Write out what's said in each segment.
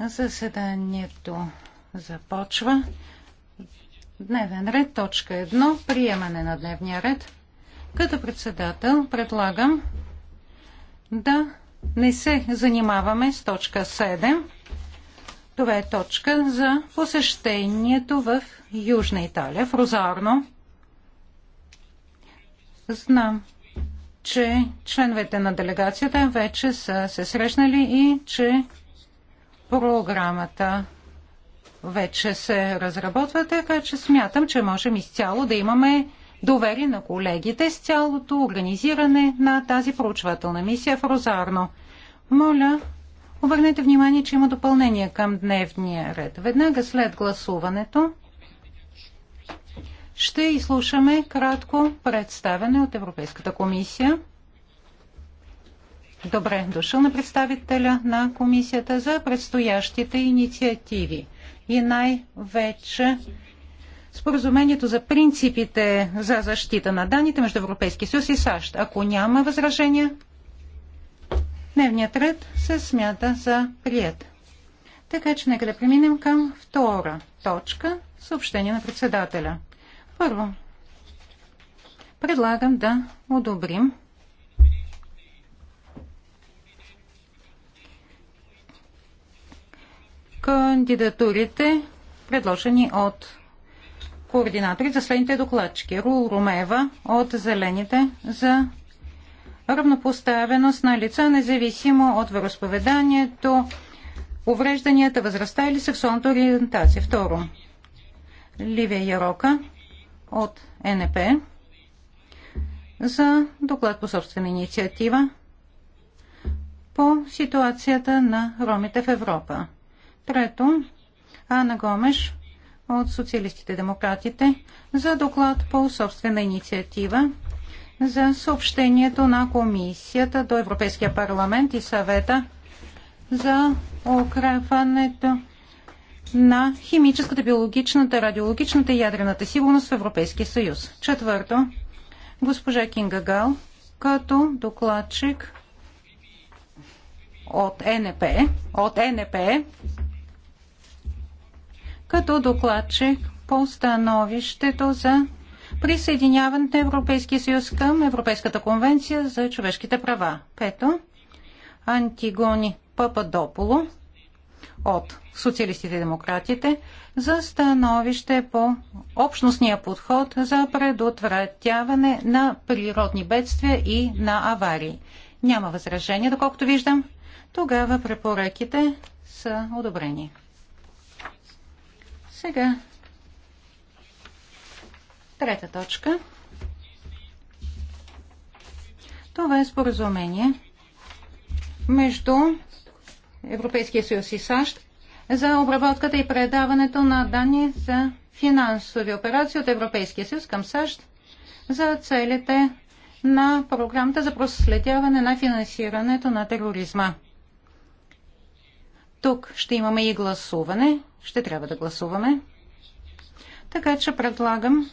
Заседанието започва. Дневен ред, точка 1, приемане на дневния ред. Като председател предлагам да не се занимаваме с точка 7. Това е точка за посещението в Южна Италия, в Розарно. Знам, че членовете на делегацията вече са се срещнали и че Програмата вече се разработва, така че смятам, че можем изцяло да имаме доверие на колегите с цялото организиране на тази проучвателна мисия в Розарно. Моля, обърнете внимание, че има допълнение към дневния ред. Веднага след гласуването ще изслушаме кратко представяне от Европейската комисия. Добре дошъл на представителя на комисията за предстоящите инициативи и най-вече споразумението за принципите за защита на данните между Европейския съюз и САЩ. Ако няма възражения, дневният ред се смята за прият. Така че нека да преминем към втора точка – съобщение на председателя. Първо, предлагам да одобрим кандидатурите, предложени от координатори за следните докладчики. Рул Румева от Зелените за равнопоставеност на лица, независимо от вероисповеданието, уврежданията, възрастта или сексуалната ориентация. Второ, Ливия Ярока от НП за доклад по собствена инициатива по ситуацията на ромите в Европа. Трето, Ана Гомеш от Социалистите демократите за доклад по собствена инициатива за съобщението на Комисията до Европейския парламент и съвета за укрепването на химическата, биологичната, радиологичната и ядрената сигурност в Европейския съюз. Четвърто, госпожа Кинга Гал като докладчик от НП, е, от НП е, като докладчик по становището за присъединяването на Европейския съюз към Европейската конвенция за човешките права. Пето, Антигони Пападополо от социалистите и демократите за становище по общностния подход за предотвратяване на природни бедствия и на аварии. Няма възражение, доколкото виждам. Тогава препоръките са одобрени. Сега. Трета точка. Това е споразумение между Европейския съюз и САЩ за обработката и предаването на данни за финансови операции от Европейския съюз към САЩ за целите на програмата за проследяване на финансирането на тероризма. Тук ще имаме и гласуване. Ще трябва да гласуваме. Така че предлагам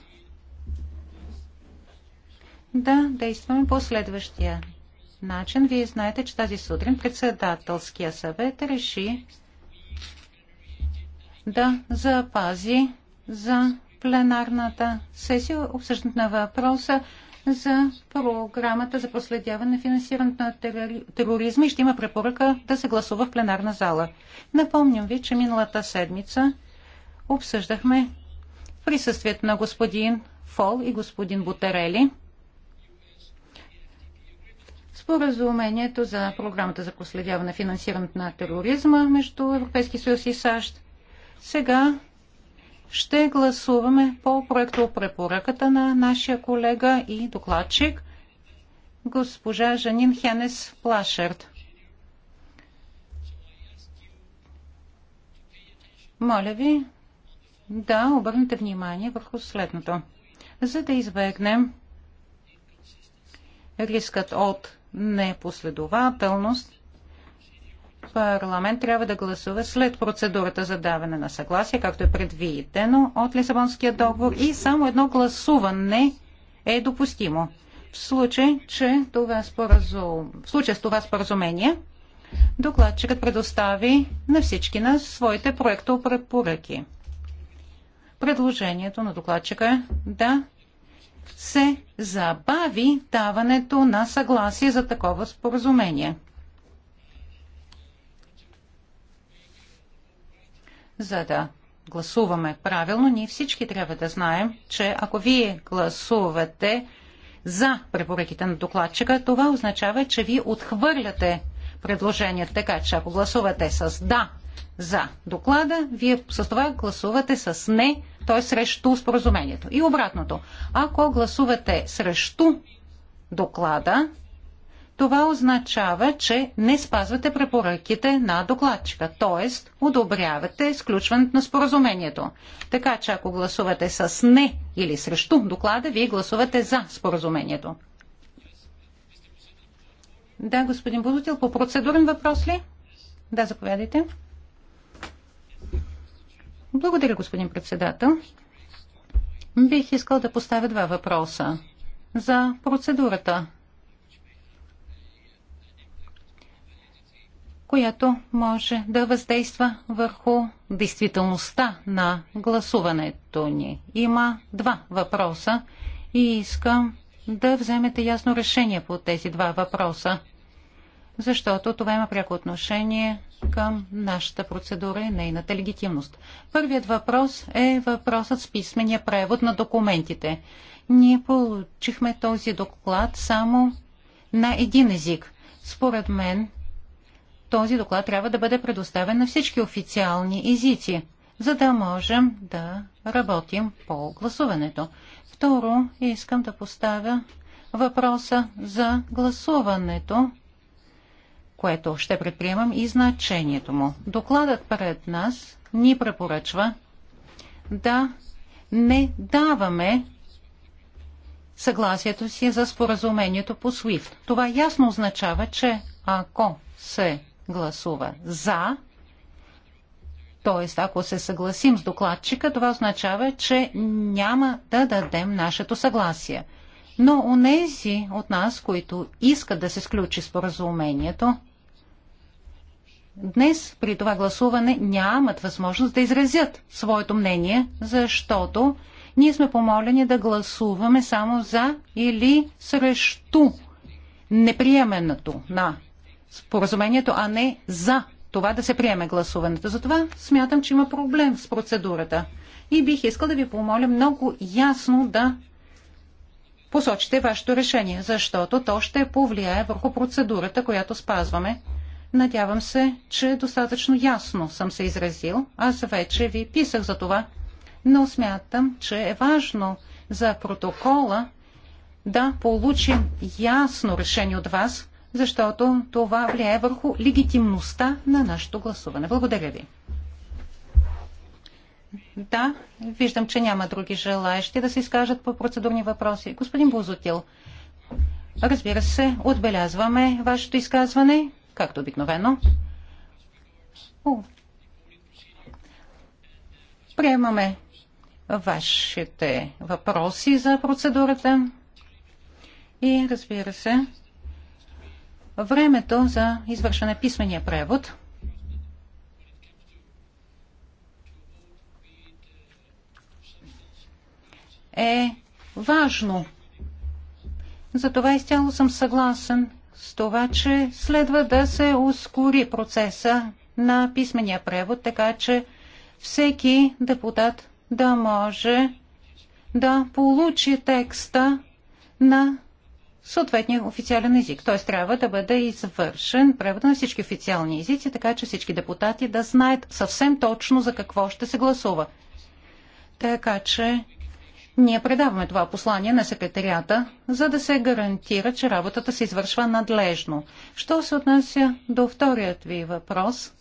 да действаме по следващия начин. Вие знаете, че тази сутрин председателския съвет реши да запази за пленарната сесия обсъждането на въпроса за програмата за проследяване на финансирането на тероризма и ще има препоръка да се гласува в пленарна зала. Напомням ви, че миналата седмица обсъждахме присъствието на господин Фол и господин Бутерели споразумението за програмата за проследяване на финансирането на тероризма между Европейски съюз и САЩ. Сега ще гласуваме по проекто препоръката на нашия колега и докладчик госпожа Жанин Хенес Плашерт. Моля ви да обърнете внимание върху следното. За да избегнем рискът от непоследователност, парламент трябва да гласува след процедурата за даване на съгласие, както е предвидено от Лисабонския договор и само едно гласуване е допустимо. В случай, че това споразум... в случай с това споразумение докладчикът предостави на всички на своите проекто препоръки. Предложението на докладчика е да се забави даването на съгласие за такова споразумение. за да гласуваме правилно, ние всички трябва да знаем, че ако вие гласувате за препоръките на докладчика, това означава, че вие отхвърляте предложението. Така че ако гласувате с да за доклада, вие с това гласувате с не, т.е. срещу споразумението. И обратното. Ако гласувате срещу доклада, това означава, че не спазвате препоръките на докладчика, т.е. одобрявате изключването на споразумението. Така че ако гласувате с не или срещу доклада, вие гласувате за споразумението. Да, господин Бузотил, по процедурен въпрос ли? Да, заповядайте. Благодаря, господин председател. Бих искал да поставя два въпроса за процедурата която може да въздейства върху действителността на гласуването ни. Има два въпроса и искам да вземете ясно решение по тези два въпроса, защото това има пряко отношение към нашата процедура и нейната легитимност. Първият въпрос е въпросът с писмения превод на документите. Ние получихме този доклад само на един език. Според мен този доклад трябва да бъде предоставен на всички официални езици, за да можем да работим по гласуването. Второ, искам да поставя въпроса за гласуването, което ще предприемам и значението му. Докладът пред нас ни препоръчва да не даваме съгласието си за споразумението по SWIFT. Това ясно означава, че ако се гласува за. Тоест, ако се съгласим с докладчика, това означава, че няма да дадем нашето съгласие. Но онези от нас, които искат да се сключи споразумението, днес при това гласуване нямат възможност да изразят своето мнение, защото ние сме помолени да гласуваме само за или срещу неприеменото на споразумението, а не за това да се приеме гласуването. Затова смятам, че има проблем с процедурата. И бих искал да ви помоля много ясно да посочите вашето решение, защото то ще повлияе върху процедурата, която спазваме. Надявам се, че достатъчно ясно съм се изразил. Аз вече ви писах за това, но смятам, че е важно за протокола да получим ясно решение от вас, защото това влияе върху легитимността на нашето гласуване. Благодаря ви. Да, виждам, че няма други желаящи да се изкажат по процедурни въпроси. Господин Бузотил, разбира се, отбелязваме вашето изказване, както обикновено. О. Приемаме вашите въпроси за процедурата и разбира се, времето за извършване писмения превод. е важно. Затова изцяло съм съгласен с това, че следва да се ускори процеса на писмения превод, така че всеки депутат да може да получи текста на съответния официален език. Т.е. трябва да бъде извършен превод на всички официални езици, така че всички депутати да знаят съвсем точно за какво ще се гласува. Така че ние предаваме това послание на секретарията, за да се гарантира, че работата се извършва надлежно. Що се отнася до вторият ви въпрос?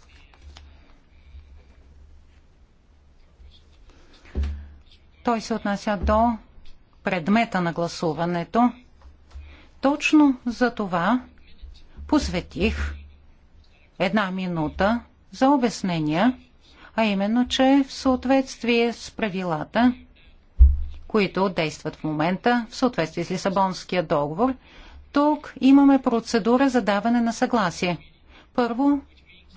Той се отнася до предмета на гласуването. Точно за това посветих една минута за обяснения, а именно, че в съответствие с правилата, които действат в момента, в съответствие с Лисабонския договор, тук имаме процедура за даване на съгласие. Първо,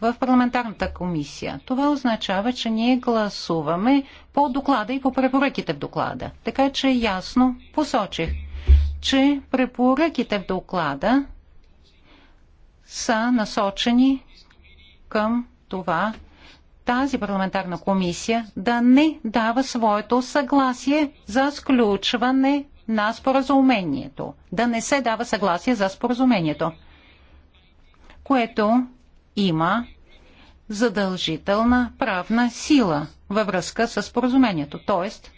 в парламентарната комисия. Това означава, че ние гласуваме по доклада и по препоръките в доклада. Така че ясно посочих – че препоръките в доклада са насочени към това тази парламентарна комисия да не дава своето съгласие за сключване на споразумението. Да не се дава съгласие за споразумението, което има задължителна правна сила във връзка с споразумението. Тоест,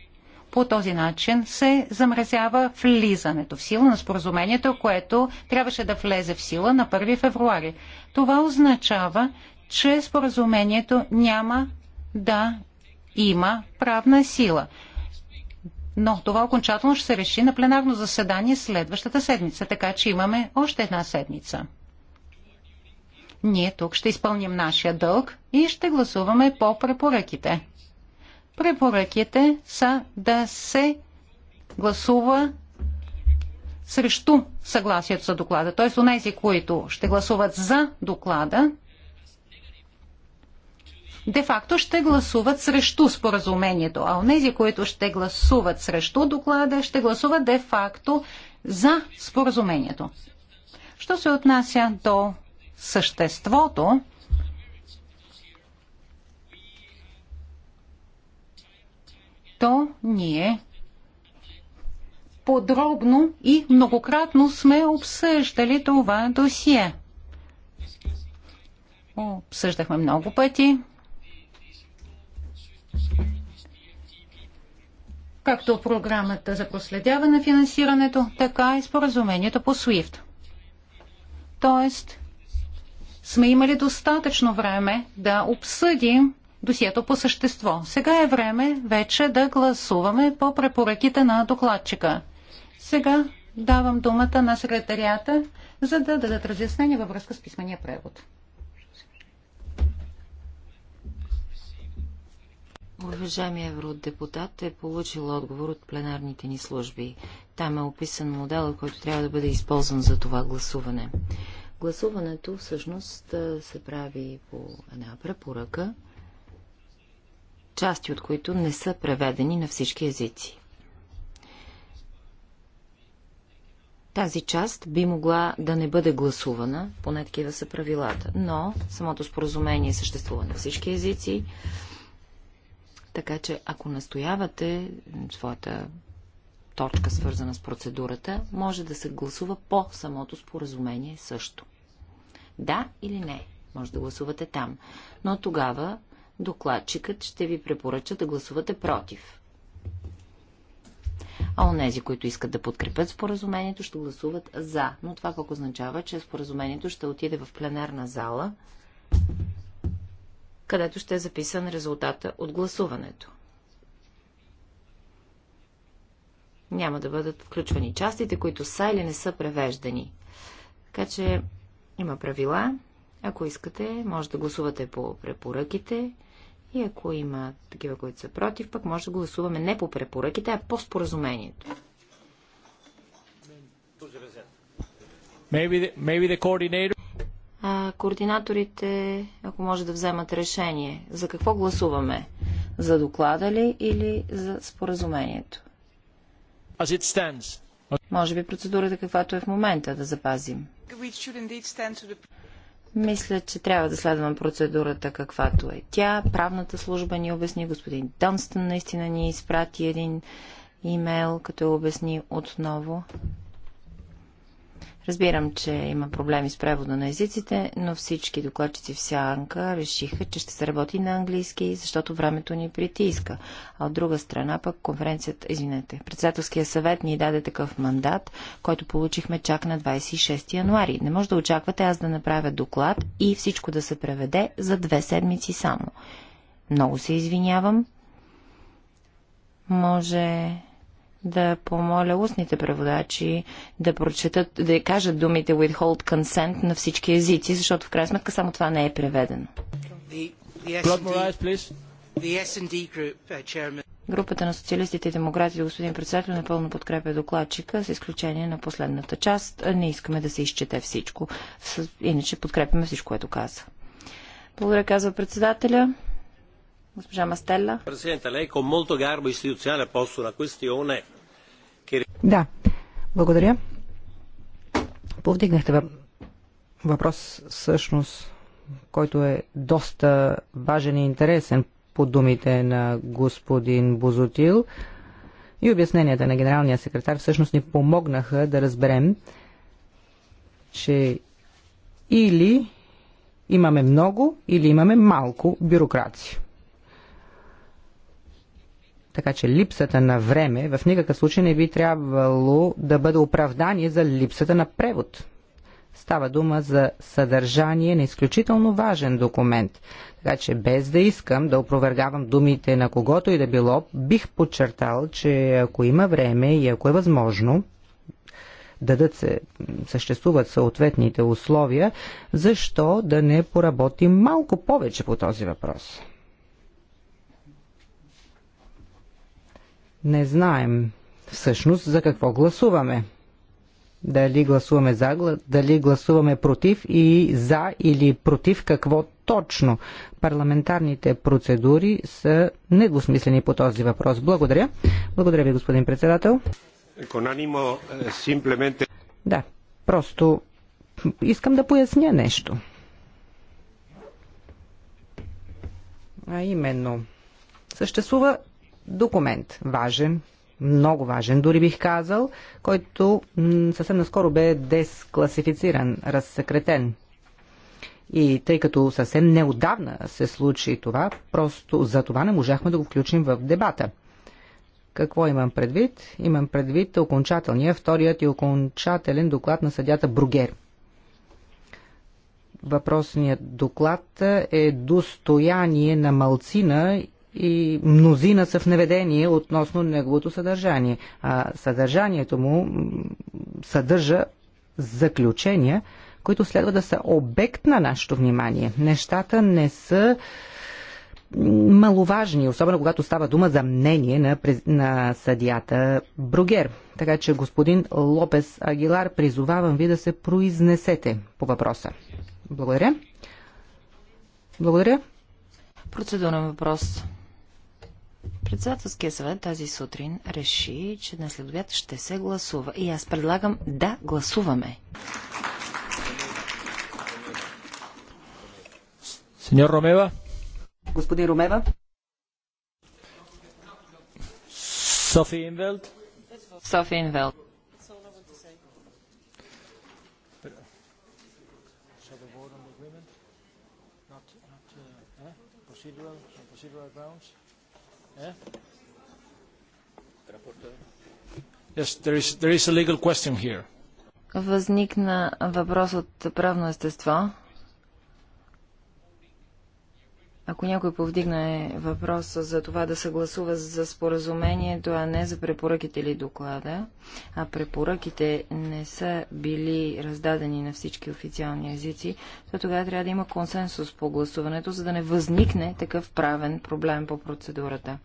по този начин се замразява влизането в сила на споразумението, което трябваше да влезе в сила на 1 февруари. Това означава, че споразумението няма да има правна сила. Но това окончателно ще се реши на пленарно заседание следващата седмица, така че имаме още една седмица. Ние тук ще изпълним нашия дълг и ще гласуваме по препоръките. Препоръките са да се гласува срещу съгласието за доклада. Т.е. у нези, които ще гласуват за доклада, де-факто ще гласуват срещу споразумението, а онези, които ще гласуват срещу доклада, ще гласуват де-факто за споразумението. Що се отнася до съществото, то ние подробно и многократно сме обсъждали това досие. Обсъждахме много пъти. Както програмата за проследяване на финансирането, така и споразумението по SWIFT. Тоест, сме имали достатъчно време да обсъдим досието по същество. Сега е време вече да гласуваме по препоръките на докладчика. Сега давам думата на секретарията, за да дадат разяснение във връзка с писмения превод. Уважаеми евродепутат е получил отговор от пленарните ни служби. Там е описан модел, който трябва да бъде използван за това гласуване. Гласуването всъщност се прави по една препоръка части от които не са преведени на всички езици. Тази част би могла да не бъде гласувана, поне такива са правилата, но самото споразумение съществува на всички езици, така че ако настоявате своята точка, свързана с процедурата, може да се гласува по самото споразумение също. Да или не, може да гласувате там. Но тогава докладчикът ще ви препоръча да гласувате против. А онези, които искат да подкрепят споразумението, ще гласуват за. Но това пък означава, че споразумението ще отиде в пленарна зала, където ще е записан резултата от гласуването. Няма да бъдат включвани частите, които са или не са превеждани. Така че има правила. Ако искате, може да гласувате по препоръките и ако има такива, които са против, пък може да гласуваме не по препоръките, а по споразумението. Maybe the, maybe the а, координаторите, ако може да вземат решение, за какво гласуваме? За доклада ли или за споразумението? As it stands. Може би процедурата каквато е в момента да запазим. Мисля, че трябва да следвам процедурата каквато е тя. Правната служба ни обясни, господин Дънстън наистина ни изпрати един имейл, като обясни отново Разбирам, че има проблеми с превода на езиците, но всички докладчици в Сянка решиха, че ще се работи на английски, защото времето ни притиска. А от друга страна пък конференцията, извинете, председателския съвет ни даде такъв мандат, който получихме чак на 26 януари. Не може да очаквате аз да направя доклад и всичко да се преведе за две седмици само. Много се извинявам. Може да помоля устните преводачи да прочетат, да кажат думите withhold consent на всички езици, защото в крайна сметка само това не е преведено. Uh, Групата на социалистите и демократите, господин председател, напълно подкрепя докладчика, с изключение на последната част. Не искаме да се изчете всичко. Иначе подкрепяме всичко, което каза. Благодаря, казва председателя. Госпожа Мастелла. Президента, лей много гарбо garbo istituzionale ha posto да, благодаря. Повдигнахте въпрос, всъщност, който е доста важен и интересен по думите на господин Бозотил. И обясненията на генералния секретар всъщност ни помогнаха да разберем, че или имаме много, или имаме малко бюрокрация. Така че липсата на време в никакъв случай не би трябвало да бъде оправдание за липсата на превод. Става дума за съдържание на изключително важен документ. Така че без да искам да опровергавам думите на когото и да било, бих подчертал, че ако има време и ако е възможно, дадат се, съществуват съответните условия, защо да не поработим малко повече по този въпрос? не знаем всъщност за какво гласуваме. Дали гласуваме за, дали гласуваме против и за или против какво точно. Парламентарните процедури са недвусмислени по този въпрос. Благодаря. Благодаря ви, господин председател. Конанимо, симплементе... Eh, да, просто искам да поясня нещо. А именно, съществува документ. Важен, много важен, дори бих казал, който съвсем наскоро бе дескласифициран, разсекретен. И тъй като съвсем неодавна се случи това, просто за това не можахме да го включим в дебата. Какво имам предвид? Имам предвид окончателния, вторият и окончателен доклад на съдята Бругер. Въпросният доклад е достояние на малцина и мнозина са в неведение относно неговото съдържание. А съдържанието му съдържа заключения, които следва да са обект на нашето внимание. Нещата не са маловажни, особено когато става дума за мнение на, на съдията Бругер. Така че, господин Лопес Агилар, призовавам ви да се произнесете по въпроса. Благодаря. Благодаря. Процедурен въпрос. Председателския съвет тази сутрин реши, че днес следобед ще се гласува. И аз предлагам да гласуваме. Сеньор Ромева? Господин Ромева? Софи Инвелд? Софи Инвелд. Uh, eh? procedural grounds. Yes, there is, there is a legal question here. Възникна въпрос от правно естество. Ако някой повдигне въпроса за това да се гласува за споразумението, а не за препоръките или доклада, а препоръките не са били раздадени на всички официални езици, то тогава трябва да има консенсус по гласуването, за да не възникне такъв правен проблем по процедурата.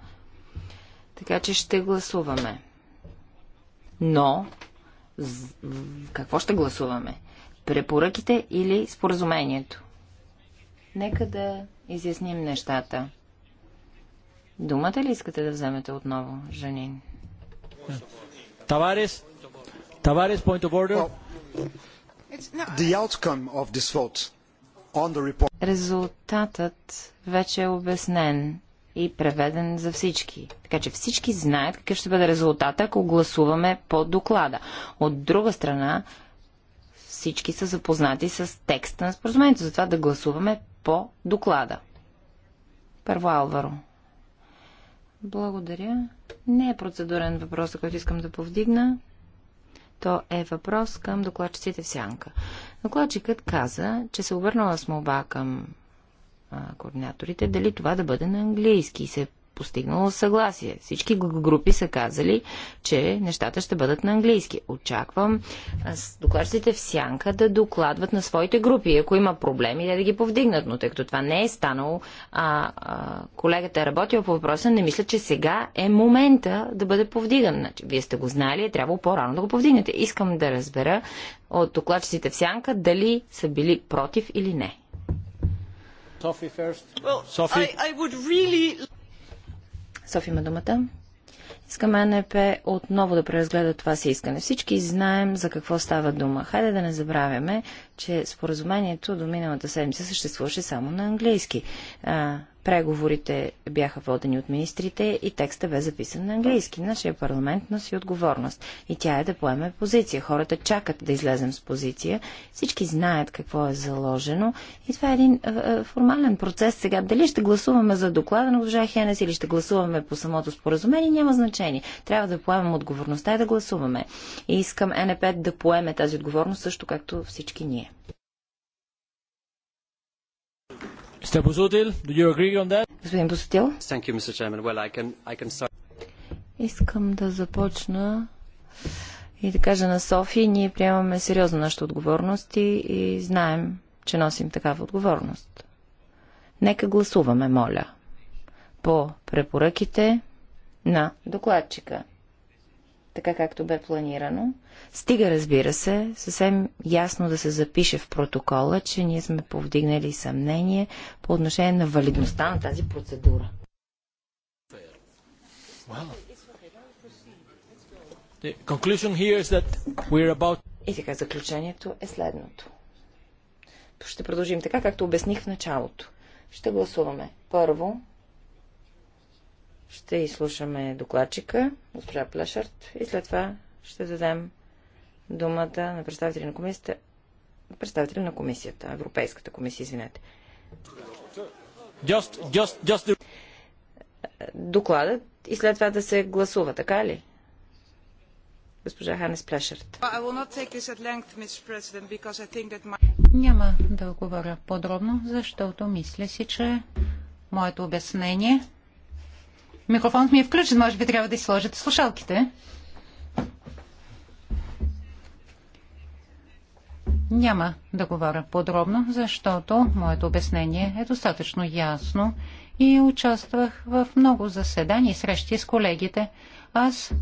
Така че ще гласуваме. Но какво ще гласуваме? Препоръките или споразумението? Нека да изясним нещата. Думата ли искате да вземете отново, Жанин? Товарис. Таварес, point of order? The outcome of this vote on the report... Резултатът вече е обяснен и преведен за всички. Така че всички знаят какъв ще бъде резултата, ако гласуваме по доклада. От друга страна, всички са запознати с текста на споразумението. Затова да гласуваме по доклада. Първо Алваро. Благодаря. Не е процедурен въпрос, който искам да повдигна. То е въпрос към докладчиците в сянка. Докладчикът каза, че се обърнала с молба към а, координаторите, дали това да бъде на английски. И се постигнало съгласие. Всички групи са казали, че нещата ще бъдат на английски. Очаквам докладчиците в сянка да докладват на своите групи. Ако има проблеми, да, ги повдигнат. Но тъй като това не е станало, а, а колегата е работил по въпроса, не мисля, че сега е момента да бъде повдиган. Значи, вие сте го знали, е трябвало по-рано да го повдигнете. Искам да разбера от докладчиците в сянка дали са били против или не. Софи, well, I, I really... Софи има думата. Искаме НП отново да преразгледа това си искане. Всички знаем за какво става дума. Хайде да не забравяме, че споразумението до миналата седмица съществуваше само на английски. Преговорите бяха водени от министрите и текста бе записан на английски. Нашия парламент носи отговорност и тя е да поеме позиция. Хората чакат да излезем с позиция. Всички знаят какво е заложено и това е един а, формален процес сега. Дали ще гласуваме за доклада на госпожа Хенес или ще гласуваме по самото споразумение, няма значение. Трябва да поемем отговорността и да гласуваме. И искам НП да поеме тази отговорност също както всички ние. Mr. Busutil, do you agree on that? Господин Бусутил. Thank you, Mr. Chairman. Well, I can, I can start. Искам да започна и да кажа на Софи, ние приемаме сериозно нашите отговорности и знаем, че носим такава отговорност. Нека гласуваме, моля, по препоръките на докладчика така както бе планирано. Стига, разбира се, съвсем ясно да се запише в протокола, че ние сме повдигнали съмнение по отношение на валидността на тази процедура. About... И така, заключението е следното. Ще продължим така, както обясних в началото. Ще гласуваме първо ще изслушаме докладчика, госпожа Плешарт, и след това ще дадем думата на представители на комисията, представители на комисията, Европейската комисия, извинете. Just, just, just... Докладът и след това да се гласува, така ли? Госпожа Ханес Плешерт. Няма да говоря подробно, защото мисля си, че моето обяснение Микрофонът ми е включен, може би трябва да си сложите слушалките. Няма да говоря подробно, защото моето обяснение е достатъчно ясно и участвах в много заседания и срещи с колегите. Аз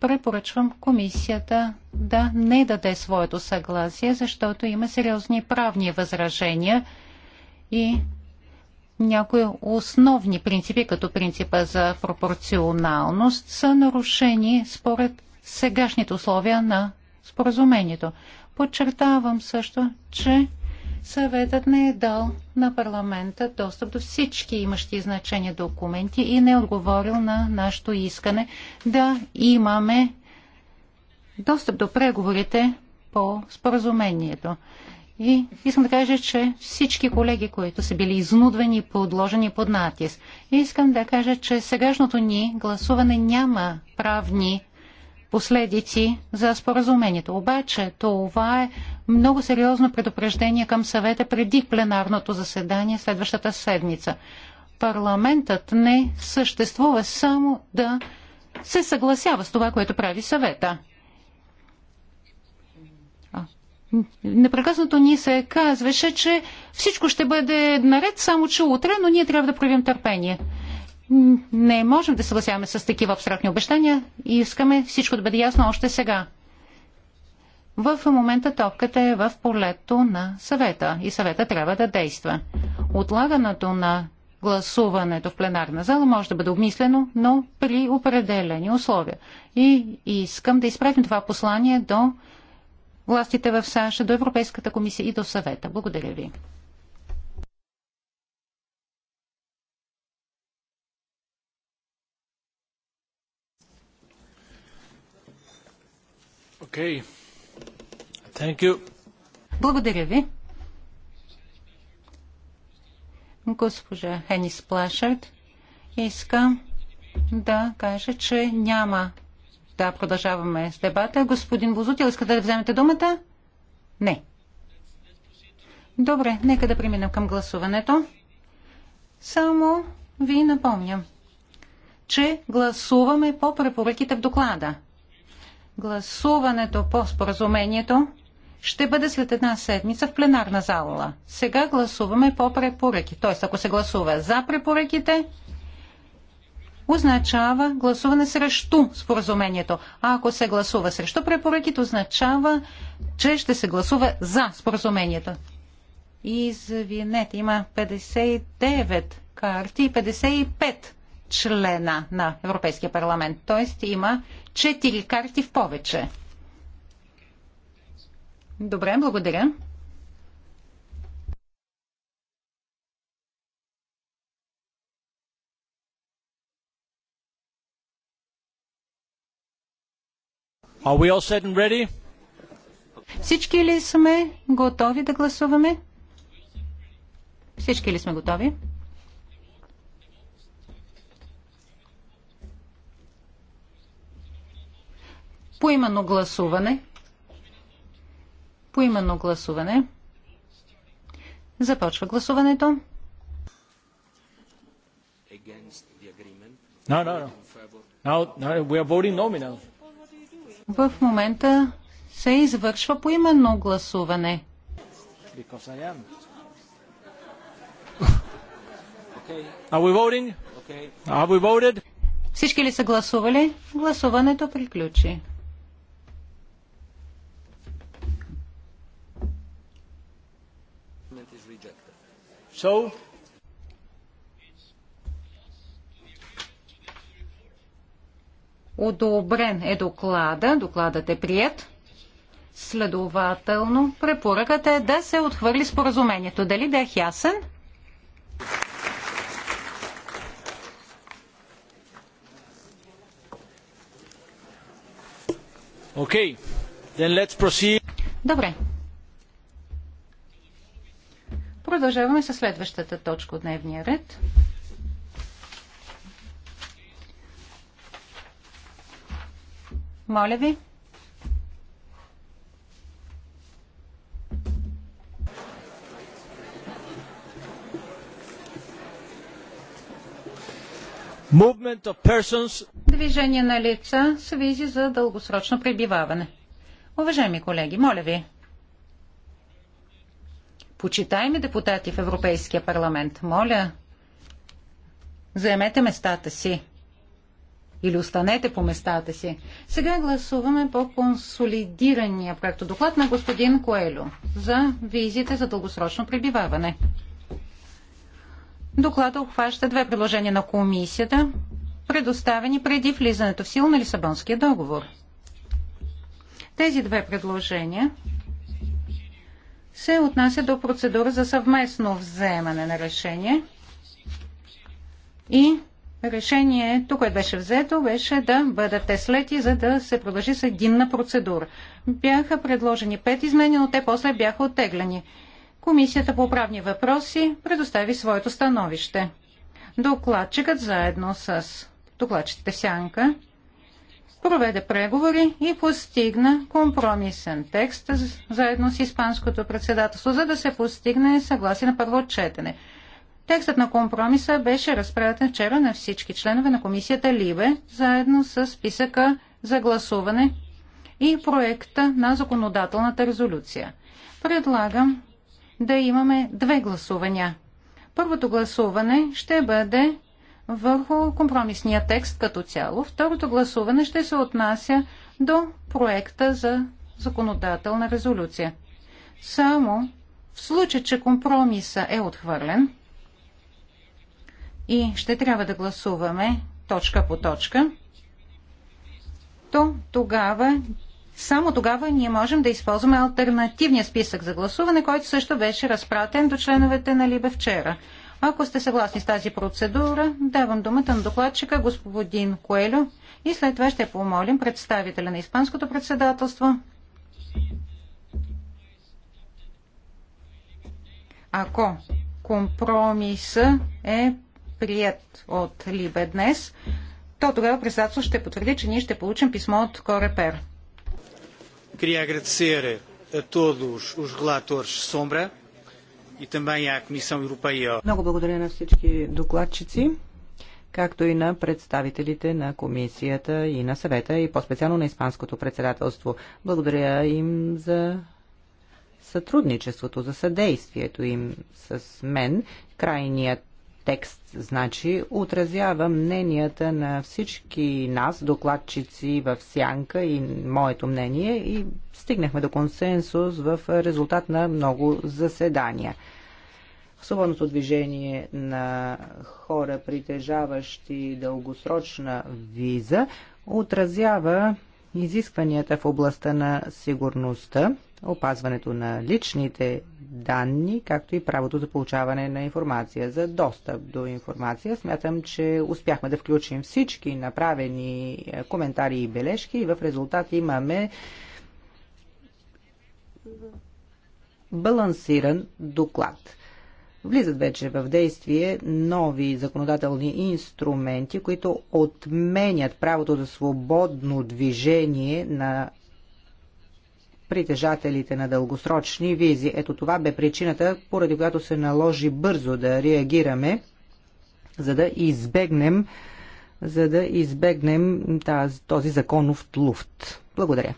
препоръчвам комисията да не даде своето съгласие, защото има сериозни правни възражения и някои основни принципи, като принципа за пропорционалност, са нарушени според сегашните условия на споразумението. Подчертавам също, че съветът не е дал на парламента достъп до всички имащи значение документи и не е отговорил на нашето искане да имаме достъп до преговорите по споразумението. И искам да кажа, че всички колеги, които са били изнудвани и подложени под натиск, искам да кажа, че сегашното ни гласуване няма правни последици за споразумението. Обаче това е много сериозно предупреждение към съвета преди пленарното заседание следващата седмица. Парламентът не съществува само да се съгласява с това, което прави съвета непрекъснато ни се казваше, че всичко ще бъде наред, само че утре, но ние трябва да проявим търпение. Не можем да съгласяваме с такива абстрактни обещания и искаме всичко да бъде ясно още сега. В момента топката е в полето на съвета и съвета трябва да действа. Отлагането на гласуването в пленарна зала може да бъде обмислено, но при определени условия. И искам да изпратим това послание до властите в САЩ, до Европейската комисия и до съвета. Благодаря ви. Okay. Thank you. Благодаря ви. Госпожа Хенис Плашард иска да каже, че няма да продължаваме с дебата. Господин Бозутил, искате да вземете думата? Не. Добре, нека да преминем към гласуването. Само ви напомням, че гласуваме по препоръките в доклада. Гласуването по споразумението ще бъде след една седмица в пленарна зала. Сега гласуваме по препоръки. Т.е. ако се гласува за препоръките, означава гласуване срещу споразумението. А ако се гласува срещу препоръките, означава, че ще се гласува за споразумението. Извинете, има 59 карти и 55 члена на Европейския парламент. Т.е. има 4 карти в повече. Добре, благодаря. Are we all set and ready? Всички ли сме готови да гласуваме? Всички ли сме готови? Поименно гласуване. Поименно гласуване. Започва гласуването. No, no, no. Now, now we are voting nominal. В момента се извършва поименно гласуване. Всички ли са гласували? Гласуването приключи. So, Одобрен е доклада, докладът е прият. Следователно, препоръката е да се отхвърли споразумението. Дали да е ясен? Okay. Then let's proceed. Добре. Продължаваме с следващата точка от дневния ред. Моля ви. Движение на лица с визи за дългосрочно пребиваване. Уважаеми колеги, моля ви. Почитайме депутати в Европейския парламент, моля, заемете местата си или останете по местата си. Сега гласуваме по консолидирания проекто доклад на господин Коелю за визите за дългосрочно пребиваване. Доклада обхваща две предложения на комисията, предоставени преди влизането в сила на Лисабонския договор. Тези две предложения се отнася до процедура за съвместно вземане на решение и решението, което беше взето, беше да бъдат те слети, за да се продължи с единна процедура. Бяха предложени пет изменения, но те после бяха оттеглени. Комисията по правни въпроси предостави своето становище. Докладчикът заедно с докладчите Сянка проведе преговори и постигна компромисен текст заедно с Испанското председателство, за да се постигне съгласие на първо четене. Текстът на компромиса беше разпратен вчера на всички членове на комисията Либе, заедно с списъка за гласуване и проекта на законодателната резолюция. Предлагам да имаме две гласувания. Първото гласуване ще бъде върху компромисния текст като цяло. Второто гласуване ще се отнася до проекта за законодателна резолюция. Само в случай, че компромиса е отхвърлен, и ще трябва да гласуваме точка по точка, то тогава, само тогава ние можем да използваме альтернативния списък за гласуване, който също беше разпратен до членовете на Либе вчера. Ако сте съгласни с тази процедура, давам думата на докладчика господин Коелю и след това ще помолим представителя на Испанското председателство. Ако компромиса е прият от Либе днес, то тогава председателство ще потвърди, че ние ще получим писмо от Корепер. Queria agradecer a todos os relatores Sombra и e também à Comissão Europeia. Много благодаря на всички докладчици, както и на представителите на комисията и на съвета и по-специално на Испанското председателство. Благодаря им за сътрудничеството, за съдействието им с мен. Крайният текст, значи, отразява мненията на всички нас, докладчици в Сянка и моето мнение и стигнахме до консенсус в резултат на много заседания. Свободното движение на хора, притежаващи дългосрочна виза, отразява изискванията в областта на сигурността опазването на личните данни, както и правото за получаване на информация, за достъп до информация. Смятам, че успяхме да включим всички направени е, коментари и бележки и в резултат имаме балансиран доклад. Влизат вече в действие нови законодателни инструменти, които отменят правото за свободно движение на притежателите на дългосрочни визи. Ето това бе причината, поради която се наложи бързо да реагираме, за да избегнем, за да избегнем таз, този законов луфт. Благодаря.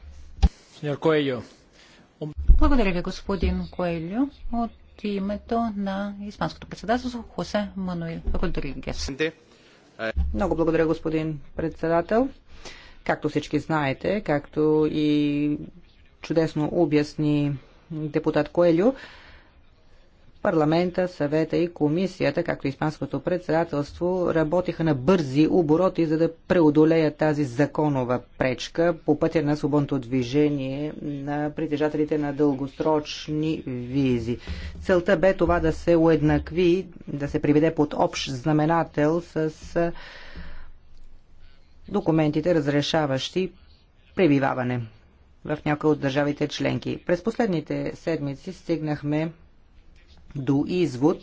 Благодаря ви, господин Коелю. От името на Испанското председателство Хосе Мануил Родригес. Е- Много благодаря, господин председател. Както всички знаете, както и чудесно обясни депутат Коелю, парламента, съвета и комисията, както испанското председателство, работиха на бързи обороти, за да преодолеят тази законова пречка по пътя на свободното движение на притежателите на дългосрочни визи. Целта бе това да се уеднакви, да се приведе под общ знаменател с документите, разрешаващи пребиваване в някои от държавите членки. През последните седмици стигнахме до извод,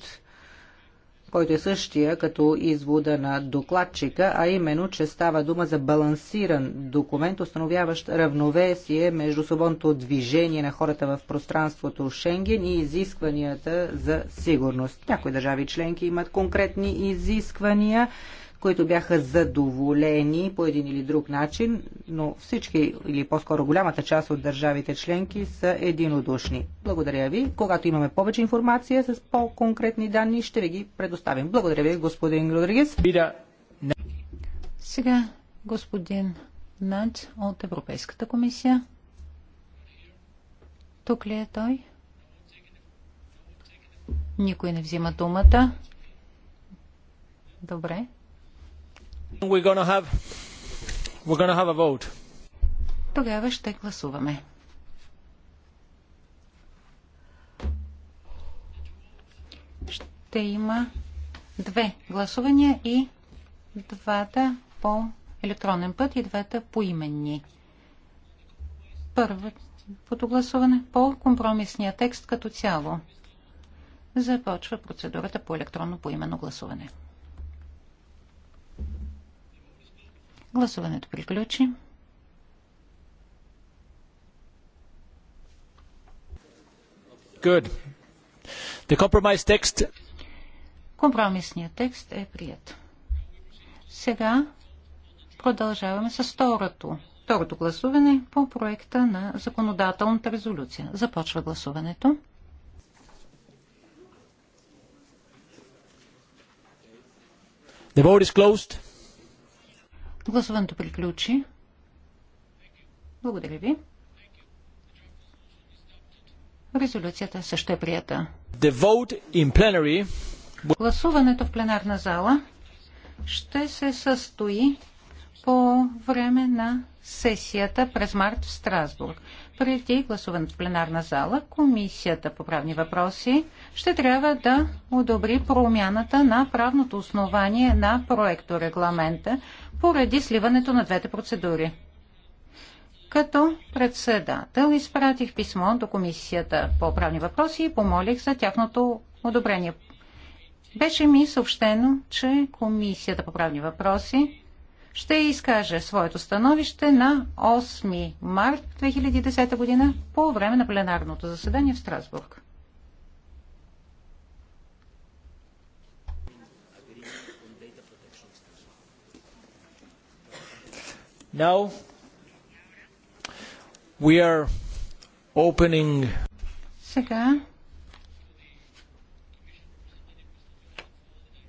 който е същия като извода на докладчика, а именно, че става дума за балансиран документ, установяващ равновесие между свободното движение на хората в пространството Шенген и изискванията за сигурност. Някои държави членки имат конкретни изисквания, които бяха задоволени по един или друг начин, но всички или по-скоро голямата част от държавите членки са единодушни. Благодаря ви. Когато имаме повече информация с по-конкретни данни, ще ви ги предоставим. Благодаря ви, господин Родригес. Сега господин Нант от Европейската комисия. Тук ли е той? Никой не взима думата. Добре. Тогава ще гласуваме. Ще има две гласувания и двата по електронен път и двата по именни. Първото гласуване по компромисния текст като цяло. Започва процедурата по електронно поименно гласуване. Гласуването приключи. Good. The compromise text... Компромисният текст е прият. Сега продължаваме с второто, второто гласуване по проекта на законодателната резолюция. Започва гласуването. The vote is closed. Гласуването приключи. Благодаря ви. Резолюцията също е прията. The vote in plenary... Гласуването в пленарна зала ще се състои по време на сесията през март в Страсбург. Преди гласуването в пленарна зала, Комисията по правни въпроси ще трябва да одобри промяната на правното основание на регламента поради сливането на двете процедури. Като председател изпратих писмо до Комисията по правни въпроси и помолих за тяхното одобрение. Беше ми съобщено, че Комисията по правни въпроси ще изкаже своето становище на 8 март 2010 година по време на пленарното заседание в Страсбург. Now we are opening Сега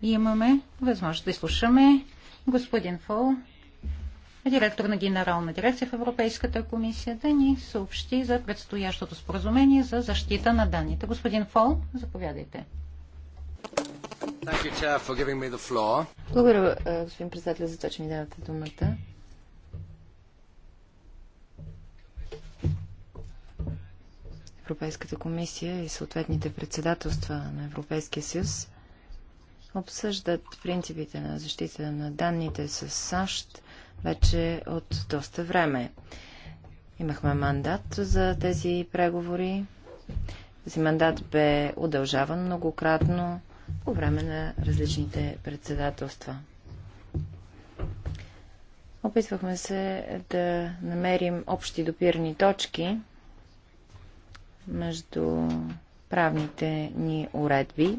имаме възможност да изслушаме господин Фол, директор на Генерална дирекция в Европейската комисия, да ни съобщи за предстоящото споразумение за защита на данните. Господин Фол, заповядайте. You, Chair, Благодаря, господин председател, за това, че ми давате думата. Европейската комисия и съответните председателства на Европейския съюз обсъждат принципите на защита на данните с САЩ вече от доста време. Имахме мандат за тези преговори. Този мандат бе удължаван многократно по време на различните председателства. Опитвахме се да намерим общи допирни точки между правните ни уредби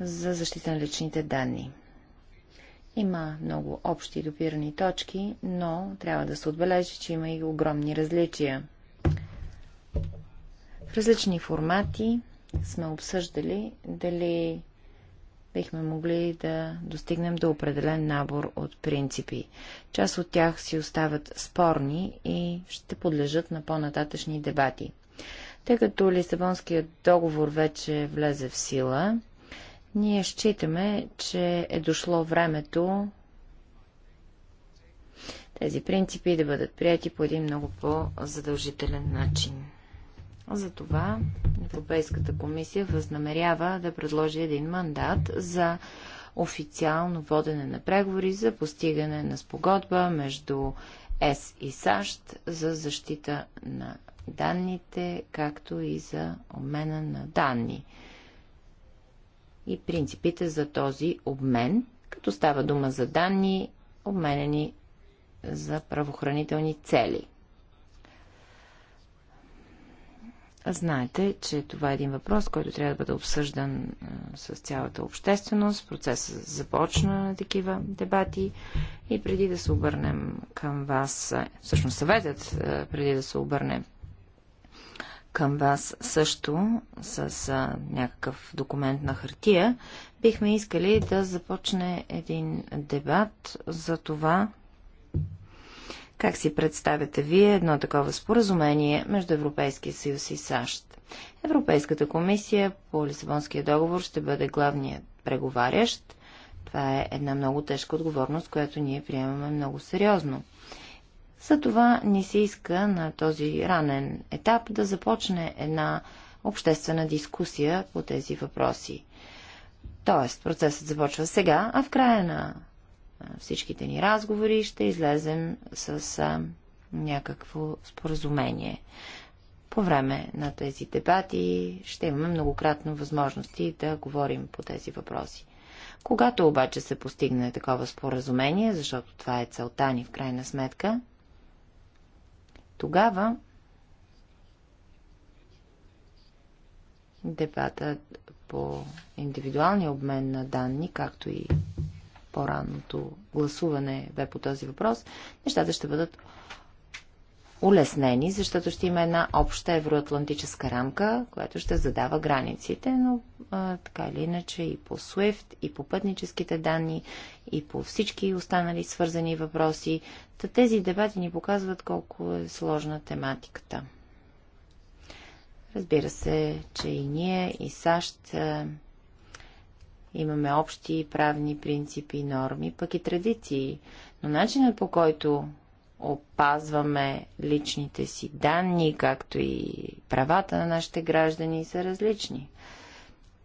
за защита на личните данни. Има много общи допирани точки, но трябва да се отбележи, че има и огромни различия. В различни формати сме обсъждали дали бихме могли да достигнем до определен набор от принципи. Част от тях си остават спорни и ще подлежат на по-нататъчни дебати. Тъй като Лисабонският договор вече влезе в сила, ние считаме, че е дошло времето тези принципи да бъдат прияти по един много по-задължителен начин. Затова Европейската комисия възнамерява да предложи един мандат за официално водене на преговори за постигане на спогодба между ЕС и САЩ за защита на данните, както и за обмена на данни и принципите за този обмен, като става дума за данни, обменени за правоохранителни цели. Знаете, че това е един въпрос, който трябва да бъде обсъждан с цялата общественост. Процесът започна на такива дебати и преди да се обърнем към вас, всъщност съветът преди да се обърне към вас също с а, някакъв документ на хартия, бихме искали да започне един дебат за това как си представяте вие едно такова споразумение между Европейския съюз и САЩ? Европейската комисия по Лисабонския договор ще бъде главният преговарящ. Това е една много тежка отговорност, която ние приемаме много сериозно. За това ни се иска на този ранен етап да започне една обществена дискусия по тези въпроси. Тоест, процесът започва сега, а в края на всичките ни разговори ще излезем с а, някакво споразумение. По време на тези дебати ще имаме многократно възможности да говорим по тези въпроси. Когато обаче се постигне такова споразумение, защото това е целта ни в крайна сметка, тогава дебатът по индивидуалния обмен на данни, както и по-ранното гласуване бе по този въпрос, нещата ще бъдат улеснени, защото ще има една обща евроатлантическа рамка, която ще задава границите, но а, така или иначе и по SWIFT, и по пътническите данни, и по всички останали свързани въпроси. Та тези дебати ни показват колко е сложна тематиката. Разбира се, че и ние, и САЩ Имаме общи правни принципи норми, пък и традиции. Но начинът по който опазваме личните си данни, както и правата на нашите граждани са различни.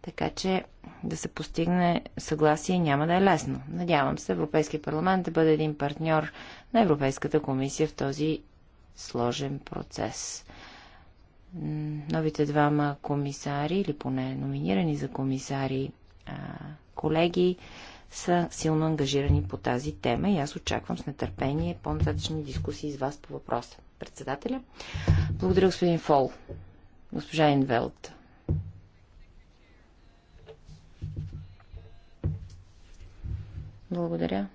Така че да се постигне съгласие няма да е лесно. Надявам се Европейския парламент да бъде един партньор на Европейската комисия в този сложен процес. Новите двама комисари, или поне номинирани за комисари колеги са силно ангажирани по тази тема и аз очаквам с нетърпение по-нататъчни дискусии с вас по въпроса. Председателя. Благодаря, господин Фол. Госпожа Инвелт. Благодаря.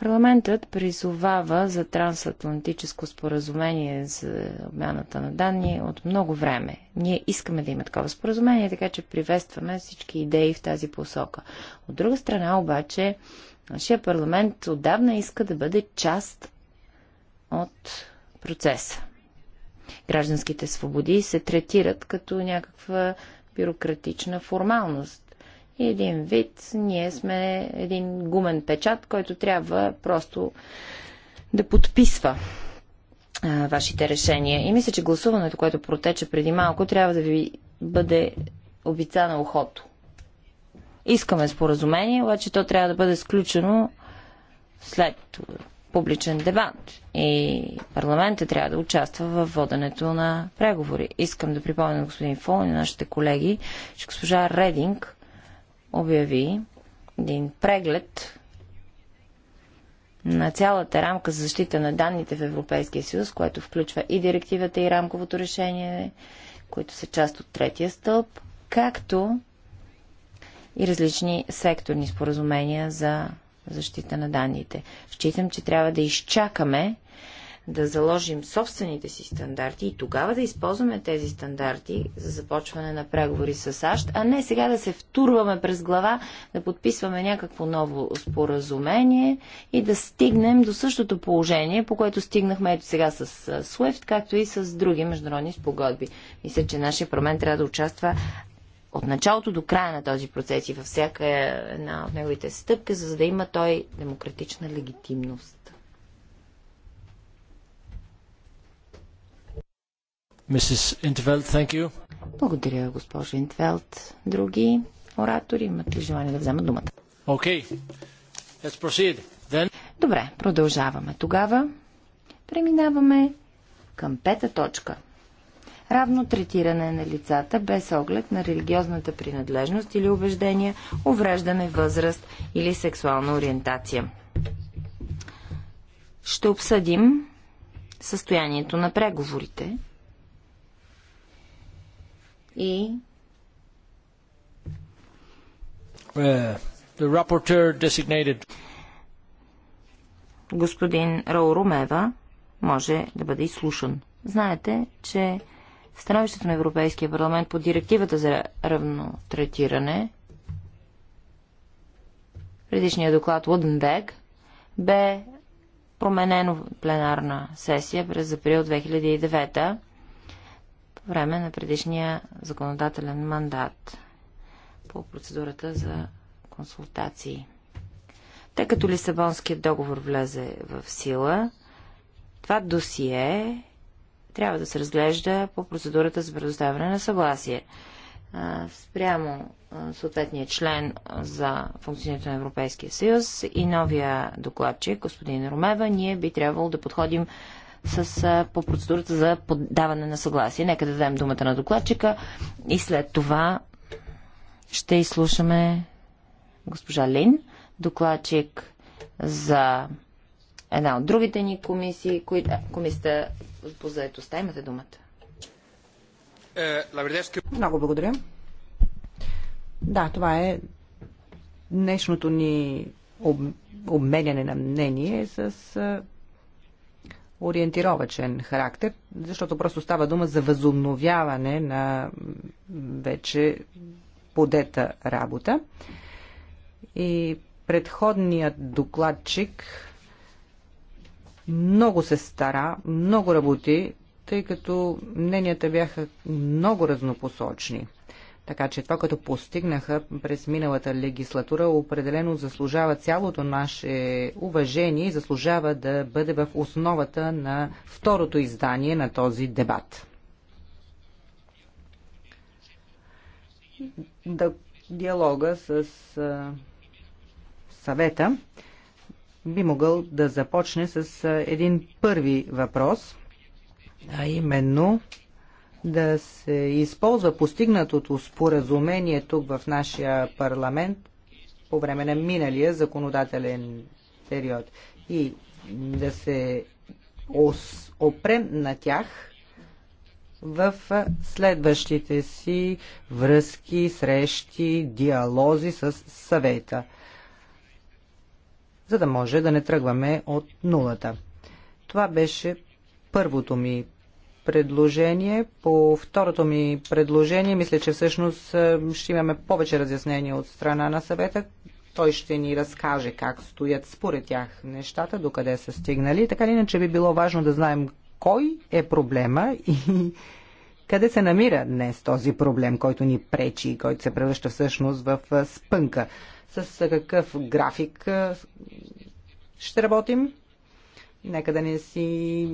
Парламентът призовава за трансатлантическо споразумение за обмяната на данни от много време. Ние искаме да има такова споразумение, така че приветстваме всички идеи в тази посока. От друга страна обаче, нашия парламент отдавна иска да бъде част от процеса. Гражданските свободи се третират като някаква бюрократична формалност един вид, ние сме един гумен печат, който трябва просто да подписва а, вашите решения. И мисля, че гласуването, което протече преди малко, трябва да ви бъде обица на ухото. Искаме споразумение, обаче то трябва да бъде сключено след публичен дебат и парламента трябва да участва в воденето на преговори. Искам да припомня на господин Фол и на нашите колеги, че госпожа Рединг обяви един преглед на цялата рамка за защита на данните в Европейския съюз, което включва и директивата и рамковото решение, които са част от третия стълб, както и различни секторни споразумения за защита на данните. Считам, че трябва да изчакаме да заложим собствените си стандарти и тогава да използваме тези стандарти за започване на преговори с САЩ, а не сега да се втурваме през глава, да подписваме някакво ново споразумение и да стигнем до същото положение, по което стигнахме ето сега с SWIFT, както и с други международни спогодби. Мисля, че нашия промен трябва да участва от началото до края на този процес и във всяка една от неговите стъпки, за да има той демократична легитимност. Благодаря, госпожа Интвелт. Други оратори имат ли желание да вземат думата? Okay. Then... Добре, продължаваме. Тогава преминаваме към пета точка. Равно третиране на лицата без оглед на религиозната принадлежност или убеждения, увреждане, възраст или сексуална ориентация. Ще обсъдим състоянието на преговорите и uh, господин Рао Румева може да бъде изслушан. Знаете, че становището на Европейския парламент по директивата за равно третиране, предишният доклад Луденбег, бе променено в пленарна сесия през април 2009 време на предишния законодателен мандат по процедурата за консултации. Тъй като Лисабонският договор влезе в сила, това досие трябва да се разглежда по процедурата за предоставяне на съгласие. Спрямо съответния член за функционирането на Европейския съюз и новия докладчик, господин Ромева, ние би трябвало да подходим с, по процедурата за поддаване на съгласие. Нека да дадем думата на докладчика и след това ще изслушаме госпожа Лин, докладчик за една от другите ни комисии, кои, комисията по заедостта. Имате думата. Е, Много благодаря. Да, това е днешното ни об, обменяне на мнение с ориентировачен характер, защото просто става дума за възобновяване на вече подета работа. И предходният докладчик много се стара, много работи, тъй като мненията бяха много разнопосочни – така че това, като постигнаха през миналата легислатура, определено заслужава цялото наше уважение и заслужава да бъде в основата на второто издание на този дебат. Да, диалога с а, съвета би могъл да започне с един първи въпрос, а именно да се използва постигнатото споразумение тук в нашия парламент по време на миналия законодателен период и да се опрем на тях в следващите си връзки, срещи, диалози с съвета, за да може да не тръгваме от нулата. Това беше първото ми предложение. По второто ми предложение, мисля, че всъщност ще имаме повече разяснения от страна на съвета. Той ще ни разкаже как стоят според тях нещата, докъде са стигнали. Така или иначе би било важно да знаем кой е проблема и къде се намира днес този проблем, който ни пречи и който се превръща всъщност в спънка. С какъв график ще работим? Нека да не си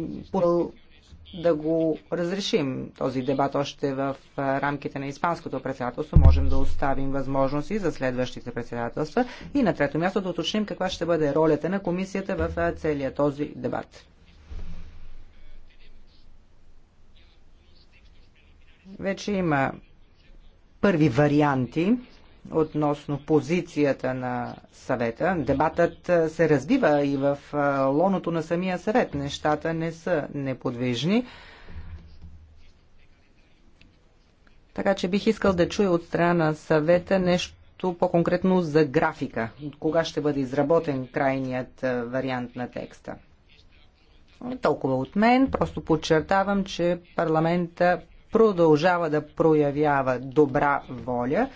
да го разрешим този дебат още в рамките на Испанското председателство. Можем да оставим възможности за следващите председателства. И на трето място да уточним каква ще бъде ролята на комисията в целия този дебат. Вече има първи варианти относно позицията на съвета. Дебатът се развива и в лоното на самия съвет. Нещата не са неподвижни. Така че бих искал да чуя от страна на съвета нещо по-конкретно за графика. Кога ще бъде изработен крайният вариант на текста? Толкова от мен. Просто подчертавам, че парламента продължава да проявява добра воля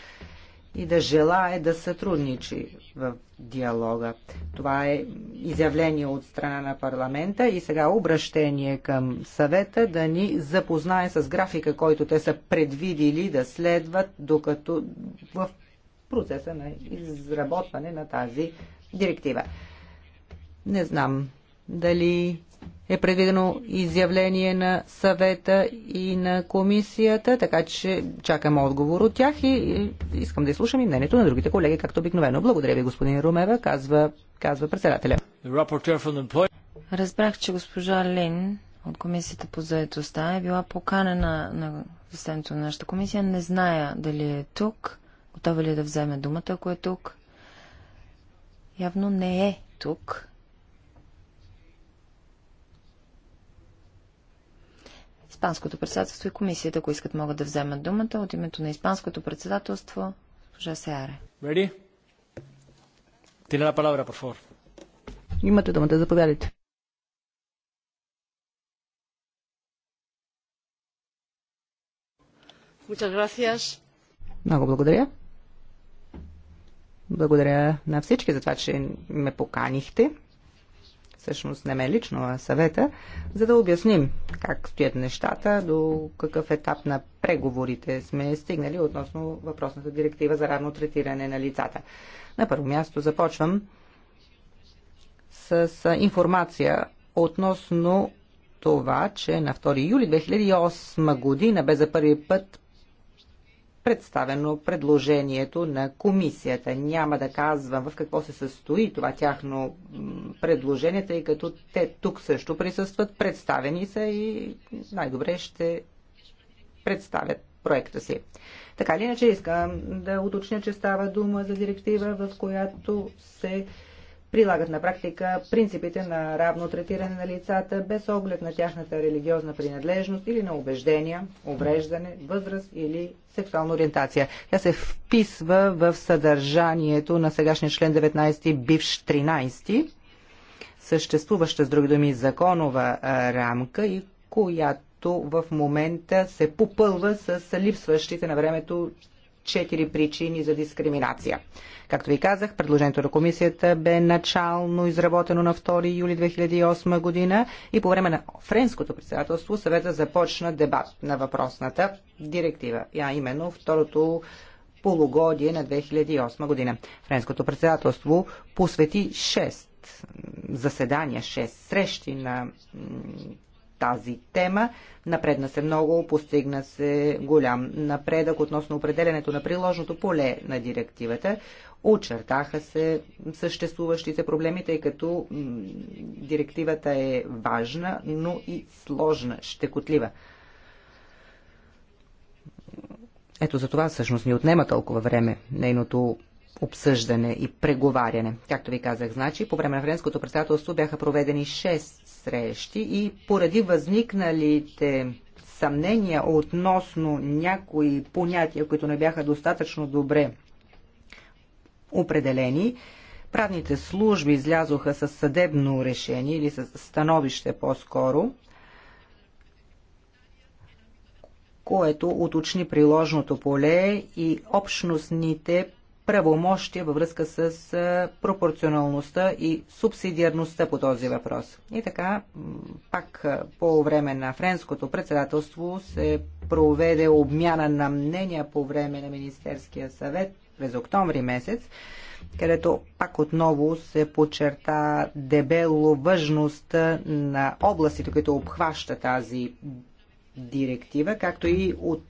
и да желае да сътрудничи в диалога. Това е изявление от страна на парламента и сега обращение към съвета да ни запознае с графика, който те са предвидили да следват докато в процеса на изработване на тази директива. Не знам дали е предвидено изявление на съвета и на комисията, така че чакам отговор от тях и искам да изслушам и мнението на другите колеги, както обикновено. Благодаря ви, господин Румева, казва, казва председателя. Разбрах, че госпожа Лин от комисията по заедостта е била поканена на заседанието на нашата комисия. Не зная дали е тук, готова ли е да вземе думата, ако е тук. Явно не е тук. Испанското председателство и комисията, ако искат, могат да вземат думата от името на Испанското председателство. Жа Сеаре. Ready? Tiene la palabra, por favor. Имате думата, заповядайте. Много благодаря. Благодаря на всички за това, че ме поканихте всъщност не ме е лично, а съвета, за да обясним как стоят нещата, до какъв етап на преговорите сме стигнали относно въпросната директива за равно третиране на лицата. На първо място започвам с информация относно това, че на 2 юли 2008 година бе за първи път представено предложението на комисията. Няма да казвам в какво се състои това тяхно предложение, тъй като те тук също присъстват, представени са и най-добре ще представят проекта си. Така или иначе искам да уточня, че става дума за директива, в която се прилагат на практика принципите на равно третиране на лицата без оглед на тяхната религиозна принадлежност или на убеждения, увреждане, възраст или сексуална ориентация. Тя се вписва в съдържанието на сегашния член 19, бивш 13, съществуваща с други думи законова рамка и която в момента се попълва с липсващите на времето четири причини за дискриминация. Както ви казах, предложението на комисията бе начално изработено на 2 юли 2008 година и по време на френското председателство съвета започна дебат на въпросната директива, а именно второто полугодие на 2008 година. Френското председателство посвети 6 заседания, 6 срещи на тази тема. Напредна се много, постигна се голям напредък относно определенето на приложното поле на директивата. Очертаха се съществуващите проблеми, тъй като директивата е важна, но и сложна, щекотлива. Ето за това всъщност ни отнема толкова време нейното обсъждане и преговаряне. Както ви казах, значи, по време на френското председателство бяха проведени 6 срещи и поради възникналите съмнения относно някои понятия, които не бяха достатъчно добре определени, правните служби излязоха с съдебно решение или с становище по-скоро, което уточни приложното поле и общностните правомощия във връзка с пропорционалността и субсидиарността по този въпрос. И така, пак по време на френското председателство се проведе обмяна на мнения по време на Министерския съвет през октомври месец, където пак отново се подчерта дебело важността на областите, които обхваща тази директива, както и от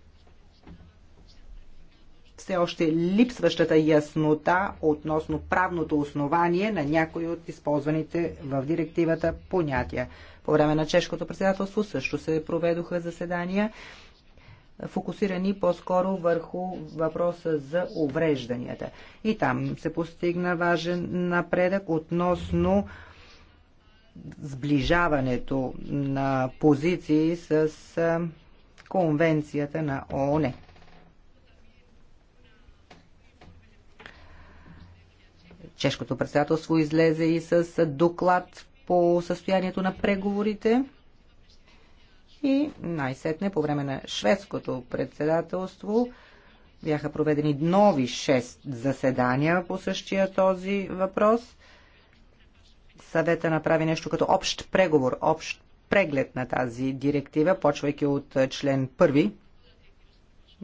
все още липсващата яснота относно правното основание на някои от използваните в директивата понятия. По време на чешкото председателство също се проведоха заседания, фокусирани по-скоро върху въпроса за уврежданията. И там се постигна важен напредък относно сближаването на позиции с Конвенцията на ООН. Чешкото председателство излезе и с доклад по състоянието на преговорите. И най-сетне по време на шведското председателство бяха проведени нови 6 заседания по същия този въпрос. Съвета направи нещо като общ преговор, общ преглед на тази директива, почвайки от член първи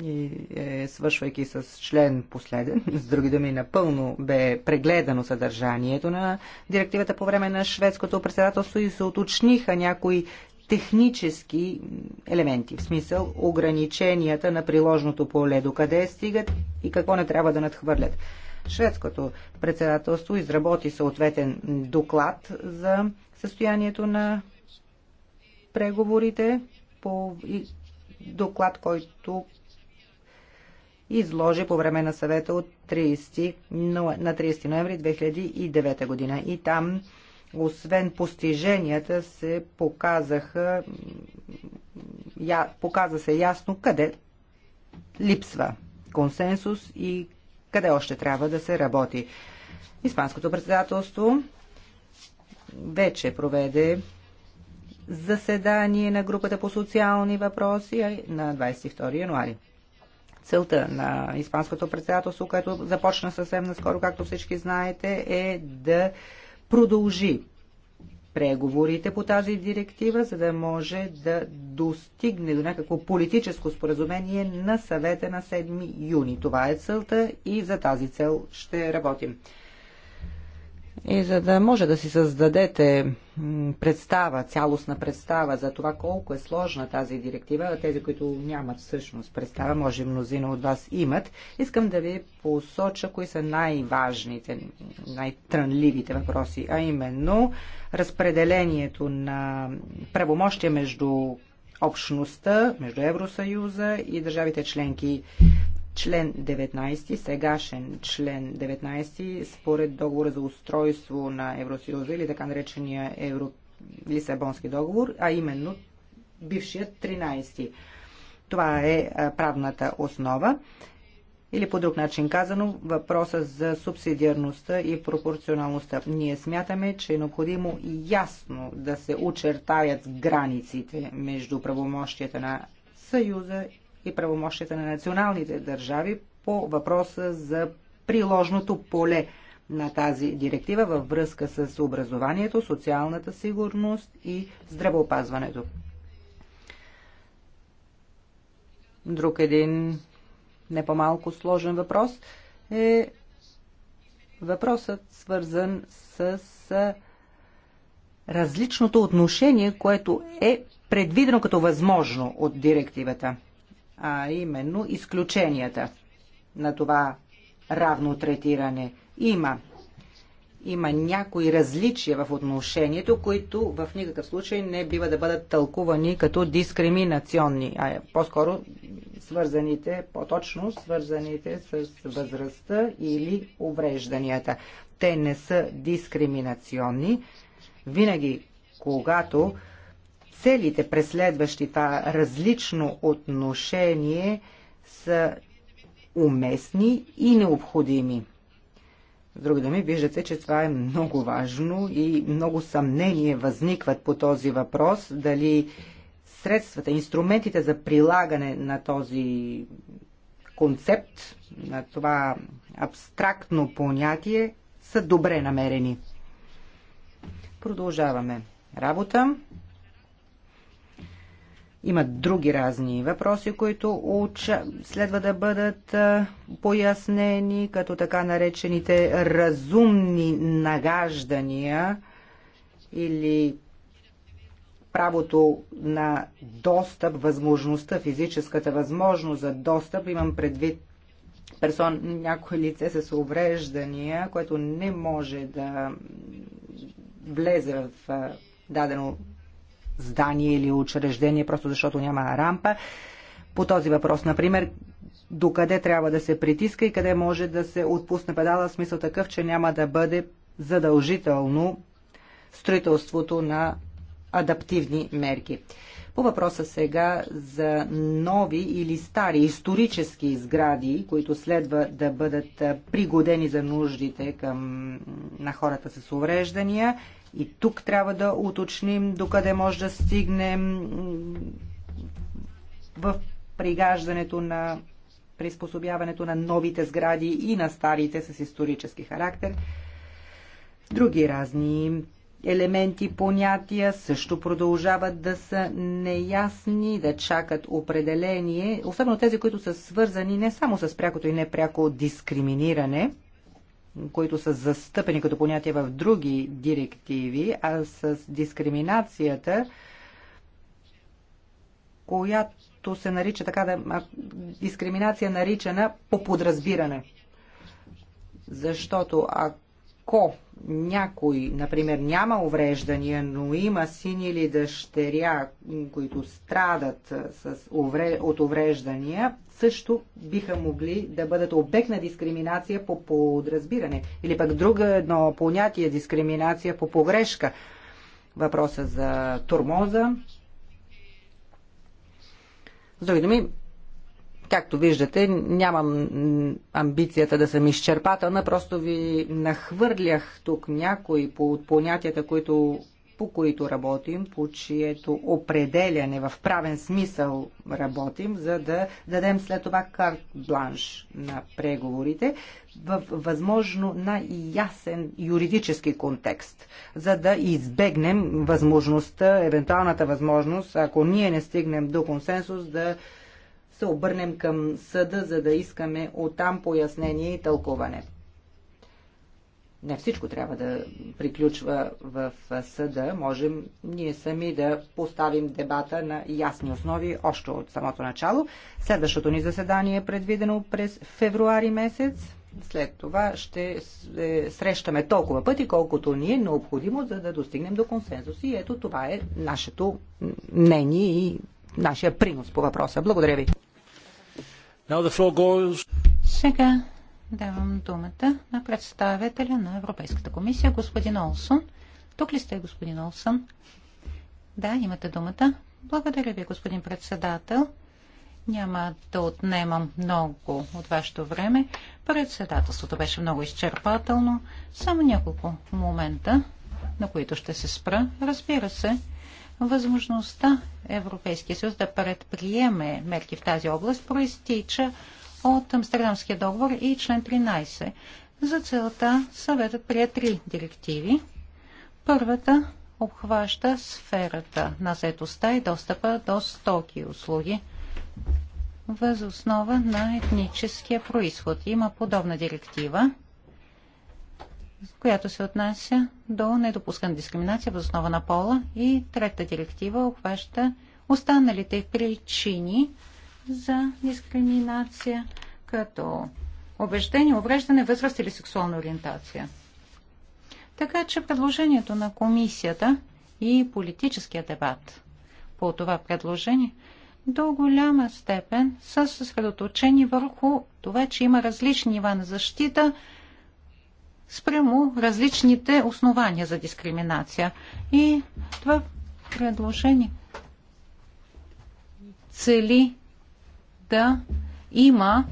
и е, свършвайки с член последен, с други думи, напълно бе прегледано съдържанието на директивата по време на шведското председателство и се уточниха някои технически елементи, в смисъл ограниченията на приложното поле, до къде стигат и какво не трябва да надхвърлят. Шведското председателство изработи съответен доклад за състоянието на преговорите по доклад, който изложи по време на съвета от 30, на 30 ноември 2009 година. И там, освен постиженията, се показаха, я, показа се ясно къде липсва консенсус и къде още трябва да се работи. Испанското председателство вече проведе заседание на групата по социални въпроси на 22 януари. Целта на Испанското председателство, което започна съвсем наскоро, както всички знаете, е да продължи преговорите по тази директива, за да може да достигне до някакво политическо споразумение на съвета на 7 юни. Това е целта и за тази цел ще работим. И за да може да си създадете представа, цялостна представа за това колко е сложна тази директива, тези, които нямат всъщност представа, може мнозина от вас имат, искам да ви посоча кои са най-важните, най-трънливите въпроси, а именно разпределението на правомощия между общността, между Евросъюза и държавите членки член 19, сегашен член 19, според договора за устройство на Евросъюза или така наречения Евро... Лисабонски договор, а именно бившият 13. Това е правната основа. Или по друг начин казано, въпроса за субсидиарността и пропорционалността. Ние смятаме, че е необходимо ясно да се очертаят границите между правомощията на Съюза и правомощията на националните държави по въпроса за приложното поле на тази директива във връзка с образованието, социалната сигурност и здравеопазването. Друг един не по-малко сложен въпрос е въпросът свързан с различното отношение, което е предвидено като възможно от директивата а именно изключенията на това равно третиране. Има има някои различия в отношението, които в никакъв случай не бива да бъдат тълкувани като дискриминационни, а по-скоро свързаните, по-точно свързаните с възрастта или уврежданията. Те не са дискриминационни. Винаги, когато Целите, преследващи това различно отношение, са уместни и необходими. С други думи, виждате, че това е много важно и много съмнение възникват по този въпрос, дали средствата, инструментите за прилагане на този концепт, на това абстрактно понятие, са добре намерени. Продължаваме работа. Има други разни въпроси, които уча... следва да бъдат пояснени, като така наречените разумни нагаждания или правото на достъп, възможността, физическата възможност за достъп, имам предвид персон, някое лице с увреждания, което не може да влезе в дадено здание или учреждение, просто защото няма рампа. По този въпрос, например, докъде трябва да се притиска и къде може да се отпусне педала, смисъл такъв, че няма да бъде задължително строителството на адаптивни мерки. По въпроса сега за нови или стари исторически сгради, които следва да бъдат пригодени за нуждите към, на хората с увреждания, и тук трябва да уточним докъде може да стигнем в пригаждането на приспособяването на новите сгради и на старите с исторически характер. Други разни елементи, понятия също продължават да са неясни, да чакат определение, особено тези, които са свързани не само с прякото и непряко дискриминиране – които са застъпени като понятие в други директиви, а с дискриминацията, която се нарича така да, дискриминация наричана по подразбиране. Защото ако ако някой, например, няма увреждания, но има син или дъщеря, които страдат с от увреждания, също биха могли да бъдат обект на дискриминация по подразбиране. Или пък друго едно понятие дискриминация по погрешка. Въпроса за турмоза. С други думи, Както виждате, нямам амбицията да съм изчерпателна, просто ви нахвърлях тук някои по понятията, които, по които работим, по чието определяне в правен смисъл работим, за да дадем след това карт бланш на преговорите в възможно най-ясен юридически контекст, за да избегнем възможността, евентуалната възможност, ако ние не стигнем до консенсус, да се обърнем към съда, за да искаме оттам пояснение и тълкуване. Не всичко трябва да приключва в съда. Можем ние сами да поставим дебата на ясни основи още от самото начало. Следващото ни заседание е предвидено през февруари месец. След това ще срещаме толкова пъти, колкото ни е необходимо, за да достигнем до консенсус. И ето това е нашето мнение и нашия принос по въпроса. Благодаря ви. Сега давам думата на представителя на Европейската комисия, господин Олсон. Тук ли сте, господин Олсън? Да, имате думата. Благодаря ви, господин председател. Няма да отнемам много от вашето време. Председателството беше много изчерпателно. Само няколко момента, на които ще се спра. Разбира се, възможността Европейския съюз да предприеме мерки в тази област проистича от Амстердамския договор и член 13. За целта съветът прие три директиви. Първата обхваща сферата на заедостта и достъпа до стоки и услуги въз основа на етническия происход. Има подобна директива която се отнася до недопускане дискриминация в основа на пола и трета директива обхваща останалите причини за дискриминация, като убеждение, увреждане, възраст или сексуална ориентация. Така че предложението на комисията и политическия дебат по това предложение до голяма степен са съсредоточени върху това, че има различни нива на защита – спрямо различните основания за дискриминация. И това предложение цели да има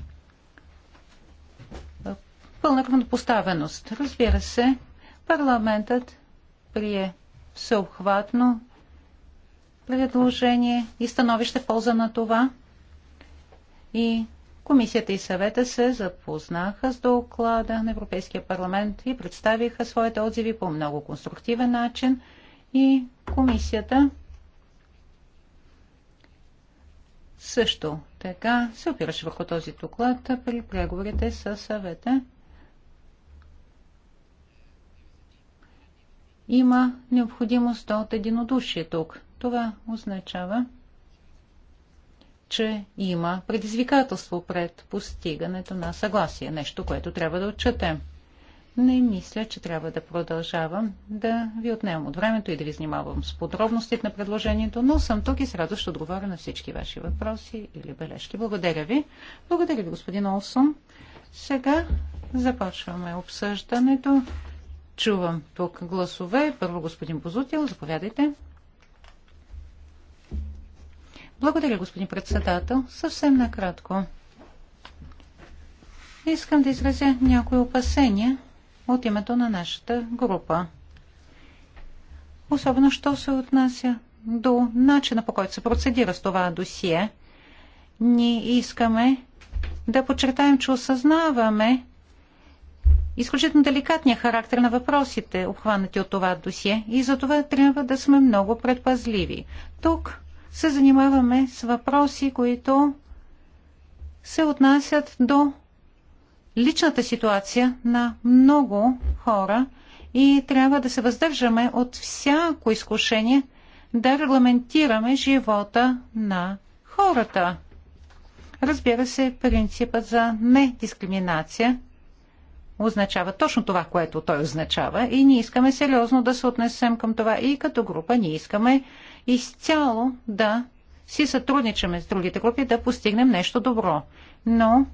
пълна равнопоставеност. Разбира се, парламентът прие всеобхватно предложение и становище в полза на това. И Комисията и съвета се запознаха с доклада на Европейския парламент и представиха своите отзиви по много конструктивен начин и комисията също така се опираше върху този доклад при преговорите с съвета. Има необходимост от единодушие тук. Това означава, че има предизвикателство пред постигането на съгласие. Нещо, което трябва да отчетем. Не мисля, че трябва да продължавам да ви отнемам от времето и да ви занимавам с подробностите на предложението, но съм тук и с радост ще отговоря на всички ваши въпроси или бележки. Благодаря ви. Благодаря ви, господин Олсон. Сега започваме обсъждането. Чувам тук гласове. Първо господин Бозутил, заповядайте. Благодаря, господин председател. Съвсем накратко. Искам да изразя някои опасения от името на нашата група. Особено, що се отнася до начина по който се процедира с това досие. Ние искаме да подчертаем, че осъзнаваме изключително деликатния характер на въпросите, обхванати от това досие, и за това трябва да сме много предпазливи. Тук се занимаваме с въпроси, които се отнасят до личната ситуация на много хора и трябва да се въздържаме от всяко изкушение да регламентираме живота на хората. Разбира се, принципът за недискриминация – означава точно това, което той означава и ние искаме сериозно да се отнесем към това и като група ние искаме изцяло да си сътрудничаме с другите групи да постигнем нещо добро. Но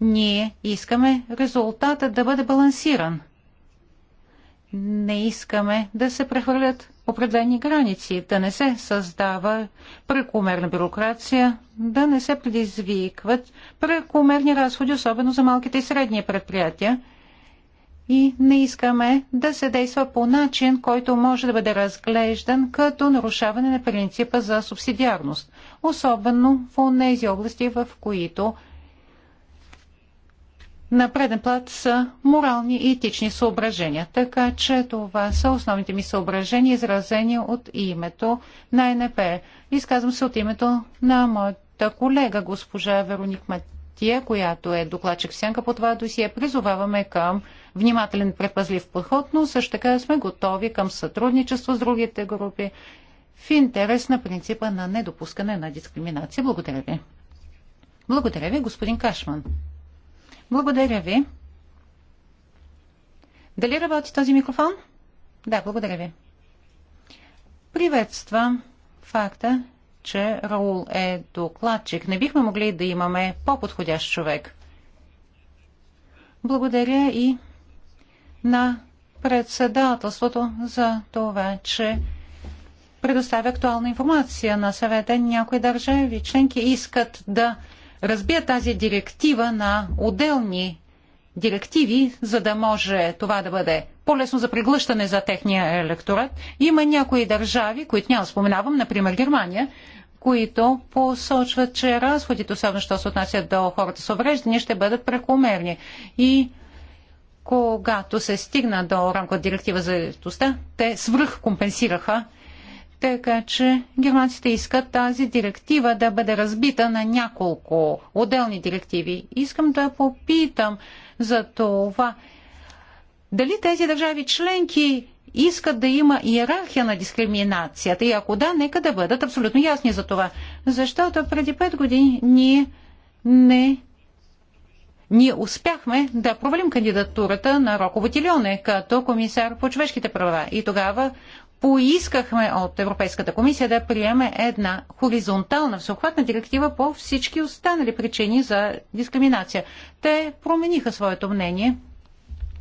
ние искаме резултата да бъде балансиран. Не искаме да се прехвърлят определени граници, да не се създава прекомерна бюрокрация, да не се предизвикват прекомерни разходи, особено за малките и средни предприятия. И не искаме да се действа по начин, който може да бъде разглеждан като нарушаване на принципа за субсидиарност, особено в тези области, в които на преден плат са морални и етични съображения. Така че това са основните ми съображения, изразени от името на НП. Изказвам се от името на моята колега, госпожа Вероник Матия, която е докладчик в сянка по това досие. Призоваваме към внимателен предпазлив подход, но също така сме готови към сътрудничество с другите групи в интерес на принципа на недопускане на дискриминация. Благодаря ви. Благодаря ви, господин Кашман. Благодаря ви. Дали работи този микрофон? Да, благодаря ви. Приветствам факта, че Раул е докладчик. Не бихме могли да имаме по-подходящ човек. Благодаря и на председателството за това, че предоставя актуална информация на съвета. Някои държави членки искат да разбия тази директива на отделни директиви, за да може това да бъде по-лесно за преглъщане за техния електорат. Има някои държави, които няма споменавам, например Германия, които посочват, че разходите, особено що се отнасят до хората с увреждания, ще бъдат прекомерни. И когато се стигна до рамка директива за етостта, те свръхкомпенсираха така че германците искат тази директива да бъде разбита на няколко отделни директиви. Искам да попитам за това. Дали тези държави членки искат да има иерархия на дискриминацията и ако да, нека да бъдат абсолютно ясни за това. Защото преди пет години ние не ние успяхме да провалим кандидатурата на Роко Ботилионе като комисар по човешките права. И тогава поискахме от Европейската комисия да приеме една хоризонтална всеобхватна директива по всички останали причини за дискриминация. Те промениха своето мнение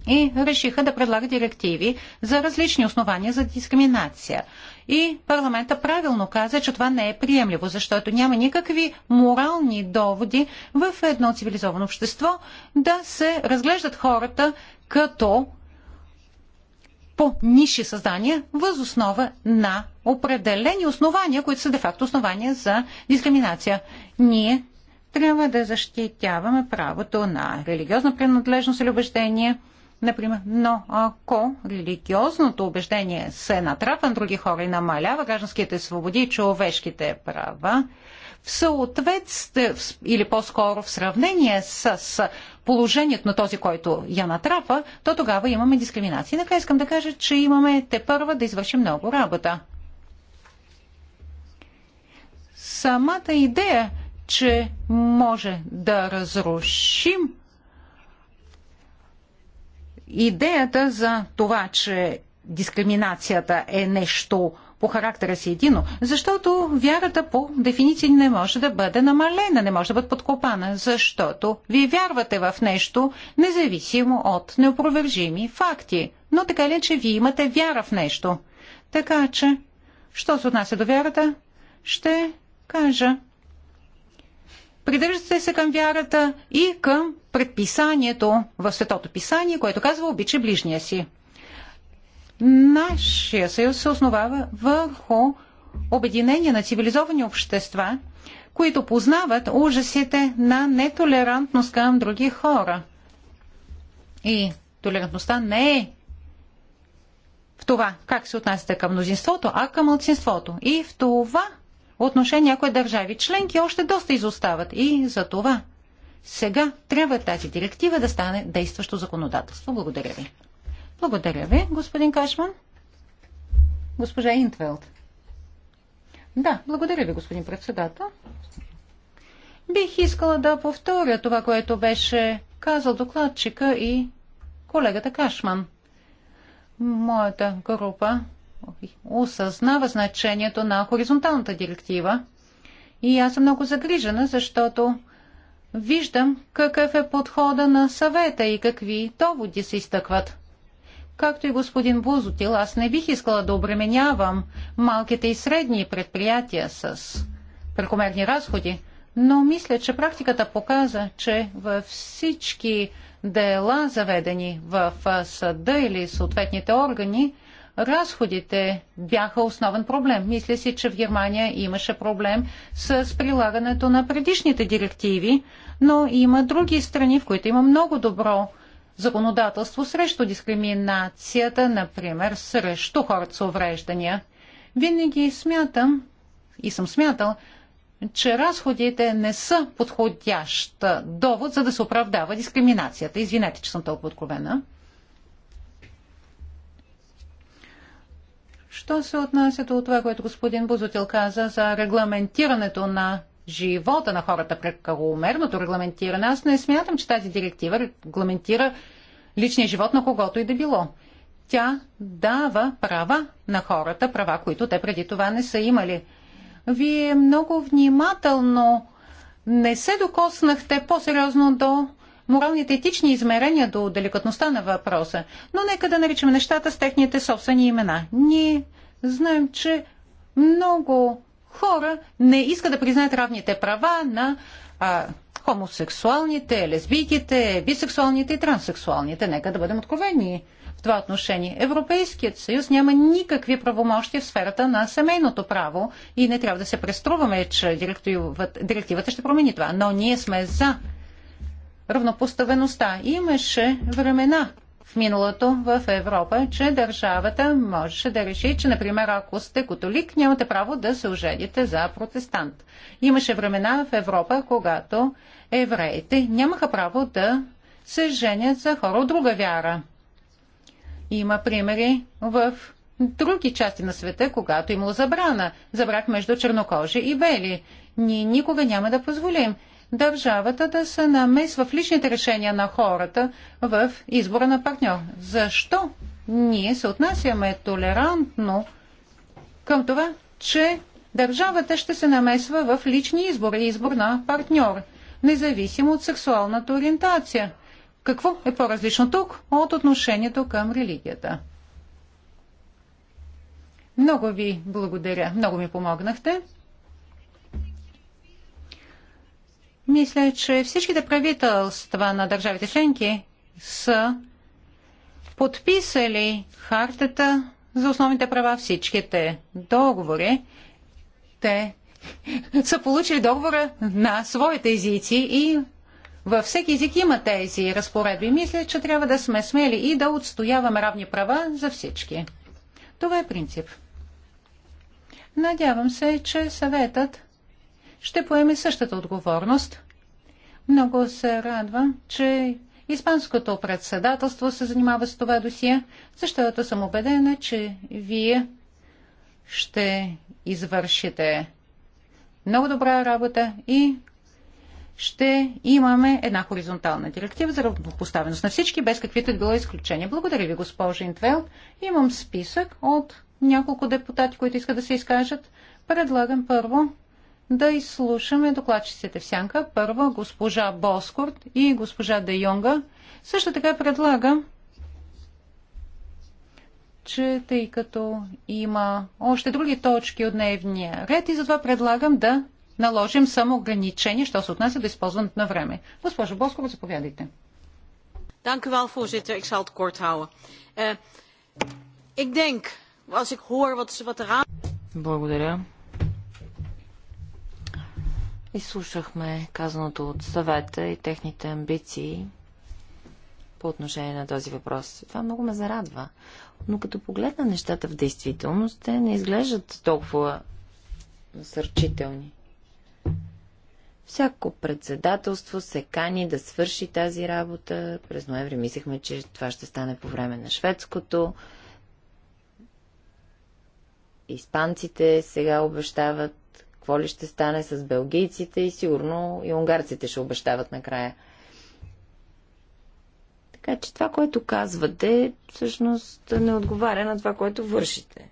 и решиха да предлагат директиви за различни основания за дискриминация. И парламента правилно каза, че това не е приемливо, защото няма никакви морални доводи в едно цивилизовано общество да се разглеждат хората като по ниши създания въз основа на определени основания, които са де-факто основания за дискриминация. Ние трябва да защитяваме правото на религиозна принадлежност или убеждение, например, но ако религиозното убеждение се натрапва на други хора и намалява гражданските свободи и човешките права, в съответствие или по-скоро в сравнение с положението на този, който я натрапа, то тогава имаме дискриминация. Така искам да кажа, че имаме те първа да извършим много работа. Самата идея, че може да разрушим идеята за това, че дискриминацията е нещо по характера си едино, защото вярата по дефиниция не може да бъде намалена, не може да бъде подкопана, защото вие вярвате в нещо, независимо от неопровержими факти. Но така ли, че вие имате вяра в нещо? Така че, що се отнася до вярата, ще кажа. Придържате се към вярата и към предписанието в Светото писание, което казва обича ближния си. Нашия съюз се основава върху обединение на цивилизовани общества, които познават ужасите на нетолерантност към други хора. И толерантността не е в това как се отнасяте към мнозинството, а към мълцинството. И в това отношение някои държави членки още доста изостават. И за това сега трябва тази директива да стане действащо законодателство. Благодаря ви. Благодаря ви, господин Кашман. Госпожа Интвелд. Да, благодаря ви, господин председател. Бих искала да повторя това, което беше казал докладчика и колегата Кашман. Моята група осъзнава значението на хоризонталната директива и аз съм много загрижена, защото виждам какъв е подхода на съвета и какви доводи се изтъкват. Както и господин Бузотил, аз не бих искала да обременявам малките и средни предприятия с прекомерни разходи, но мисля, че практиката показа, че във всички дела, заведени в съда или съответните органи, разходите бяха основен проблем. Мисля си, че в Германия имаше проблем с прилагането на предишните директиви, но има други страни, в които има много добро законодателство срещу дискриминацията, например, срещу хората с увреждания. Винаги смятам и съм смятал, че разходите не са подходящ довод, за да се оправдава дискриминацията. Извинете, че съм толкова откровена. Що се отнася до това, което господин Бузотил каза за регламентирането на живота на хората прекаломерното регламентиране. Аз не смятам, че тази директива регламентира личния живот на когото и да било. Тя дава права на хората, права, които те преди това не са имали. Вие много внимателно не се докоснахте по-сериозно до моралните етични измерения, до деликатността на въпроса. Но нека да наричаме нещата с техните собствени имена. Ние знаем, че много хора не искат да признаят равните права на а, хомосексуалните, лесбийките, бисексуалните и транссексуалните. Нека да бъдем откровени в това отношение. Европейският съюз няма никакви правомощи в сферата на семейното право и не трябва да се преструваме, че директивата, директивата ще промени това. Но ние сме за равнопоставеността. Имаше времена, миналото в Европа, че държавата можеше да реши, че, например, ако сте католик, нямате право да се ожедите за протестант. Имаше времена в Европа, когато евреите нямаха право да се женят за хора от друга вяра. Има примери в други части на света, когато е имало забрана за брак между чернокожи и бели. Ние никога няма да позволим държавата да се намесва в личните решения на хората в избора на партньор. Защо ние се отнасяме толерантно към това, че държавата ще се намесва в лични избори и избор на партньор, независимо от сексуалната ориентация? Какво е по-различно тук от отношението към религията? Много ви благодаря. Много ми помогнахте. Мисля, че всичките правителства на държавите членки са подписали хартата за основните права, всичките договори. Те са получили договора на своите езици и във всеки език има тези разпоредби. Мисля, че трябва да сме смели и да отстояваме равни права за всички. Това е принцип. Надявам се, че съветът ще поеме същата отговорност. Много се радвам, че Испанското председателство се занимава с това досие, защото съм убедена, че вие ще извършите много добра работа и ще имаме една хоризонтална директива за равнопоставеност на всички, без каквито било изключения. Благодаря ви, госпожа Интвел. Имам списък от няколко депутати, които искат да се изкажат. Предлагам първо да изслушаме докладчиците в сянка. Първо госпожа Боскорт и госпожа Де Йонга. Също така предлагам, че тъй като има още други точки от дневния ред и затова предлагам да наложим само ограничение, що се отнася до използването на време. Госпожо Боскорт, заповядайте. voorzitter. Ik zal het kort houden. Eh, ik denk, als ik hoor wat, er Благодаря, Изслушахме казаното от съвета и техните амбиции по отношение на този въпрос. Това много ме зарадва. Но като погледна нещата в действителност, те не изглеждат толкова насърчителни. Всяко председателство се кани да свърши тази работа. През ноември мислехме, че това ще стане по време на шведското. Испанците сега обещават какво ли ще стане с белгийците и сигурно и унгарците ще обещават накрая. Така че това, което казвате, всъщност не отговаря на това, което вършите.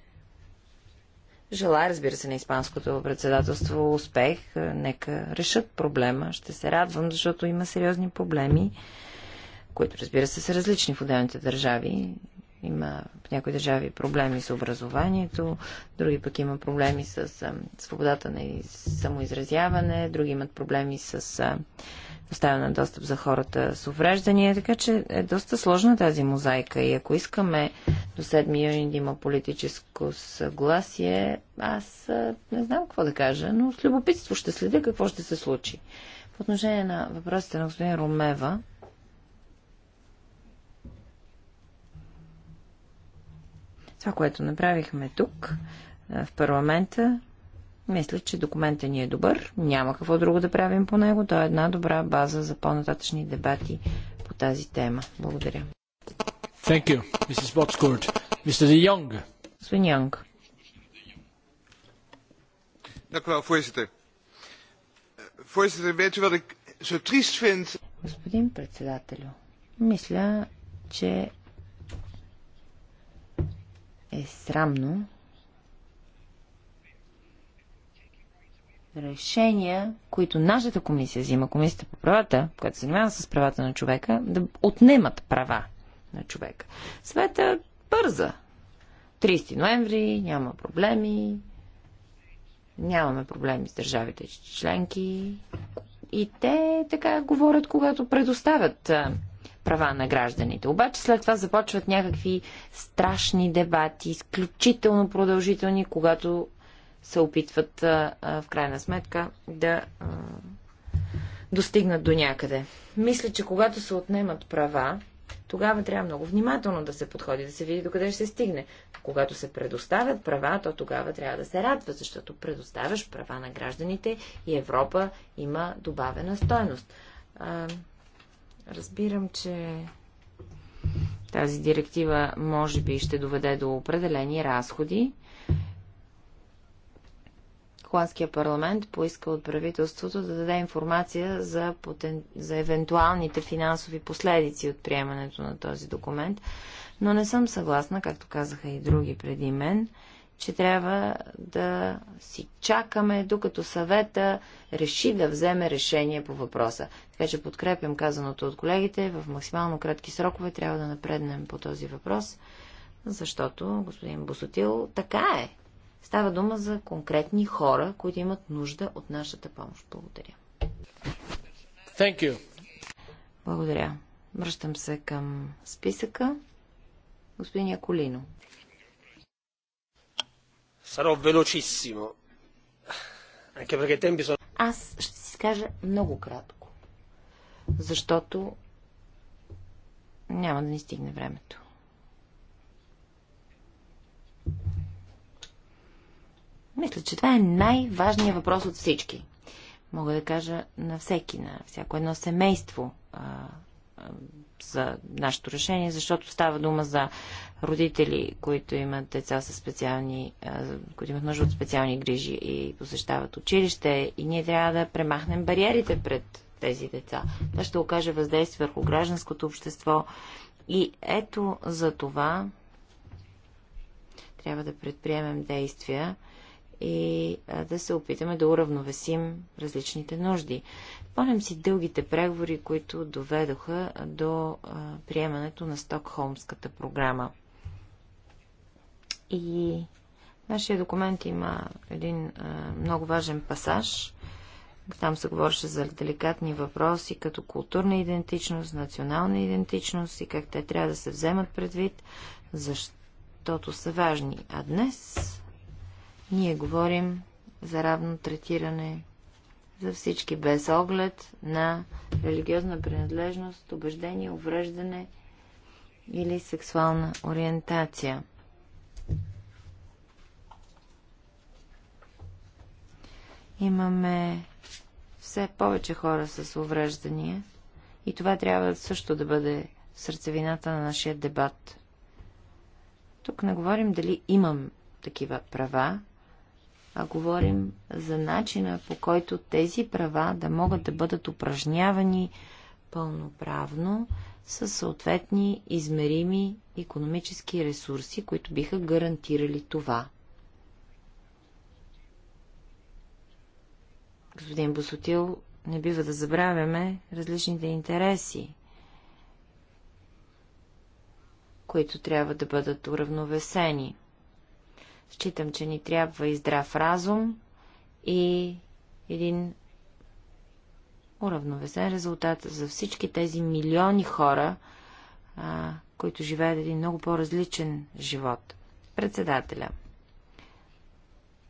Желая, разбира се, на Испанското председателство успех. Нека решат проблема. Ще се радвам, защото има сериозни проблеми, които, разбира се, са различни в отделните държави. Има в някои държави проблеми с образованието, други пък има проблеми с свободата на самоизразяване, други имат проблеми с поставяне на достъп за хората с увреждания. Така че е доста сложна тази мозайка и ако искаме до 7 юни да има политическо съгласие, аз не знам какво да кажа, но с любопитство ще следя какво ще се случи. По отношение на въпросите на господин Ромева, Това, което направихме тук, в парламента, мисля, че документът ни е добър. Няма какво друго да правим по него. Той е една добра база за по-нататъчни дебати по тази тема. Благодаря. Thank you, Mrs. Botscourt. Mr. De Jong. Господин Йонг. Dank u wel, voorzitter. Voorzitter, weet u wat ik zo triest vind? Господин председателю, мисля, че е срамно. Решения, които нашата комисия взима, комисията по правата, която се занимава с правата на човека, да отнемат права на човека. Света е бърза. 30 ноември, няма проблеми, нямаме проблеми с държавите членки. И те така говорят, когато предоставят права на гражданите. Обаче след това започват някакви страшни дебати, изключително продължителни, когато се опитват в крайна сметка да достигнат до някъде. Мисля, че когато се отнемат права, тогава трябва много внимателно да се подходи, да се види докъде ще се стигне. Когато се предоставят права, то тогава трябва да се радва, защото предоставяш права на гражданите и Европа има добавена стоеност. Разбирам, че тази директива може би ще доведе до определени разходи. Холандския парламент поиска от правителството да даде информация за, потен... за евентуалните финансови последици от приемането на този документ, но не съм съгласна, както казаха и други преди мен, че трябва да си чакаме, докато съвета реши да вземе решение по въпроса. Така че подкрепям казаното от колегите. В максимално кратки срокове трябва да напреднем по този въпрос, защото, господин Босотил, така е. Става дума за конкретни хора, които имат нужда от нашата помощ. Благодаря. Thank you. Благодаря. Връщам се към списъка. Господин Яколино. Sarò велочисимо. Anche perché tempi sono... Аз ще си кажа много кратко, защото няма да ни стигне времето. Мисля, че това е най-важният въпрос от всички. Мога да кажа на всеки, на всяко едно семейство, за нашето решение, защото става дума за родители, които имат деца с специални, които имат нужда от специални грижи и посещават училище и ние трябва да премахнем бариерите пред тези деца. Това ще окаже въздействие върху гражданското общество и ето за това трябва да предприемем действия и да се опитаме да уравновесим различните нужди. Помням си дългите преговори, които доведоха до приемането на Стокхолмската програма. И нашия документ има един много важен пасаж. Там се говореше за деликатни въпроси, като културна идентичност, национална идентичност и как те трябва да се вземат предвид, защото са важни. А днес ние говорим за равно третиране за всички, без оглед на религиозна принадлежност, убеждение, увреждане или сексуална ориентация. Имаме все повече хора с увреждания и това трябва също да бъде сърцевината на нашия дебат. Тук не говорим дали имам такива права, а говорим за начина по който тези права да могат да бъдат упражнявани пълноправно с съответни измерими економически ресурси, които биха гарантирали това. Господин Босотил, не бива да забравяме различните интереси, които трябва да бъдат уравновесени – Считам, че ни трябва и здрав разум и един уравновесен резултат за всички тези милиони хора, а, които живеят един много по-различен живот. Председателя.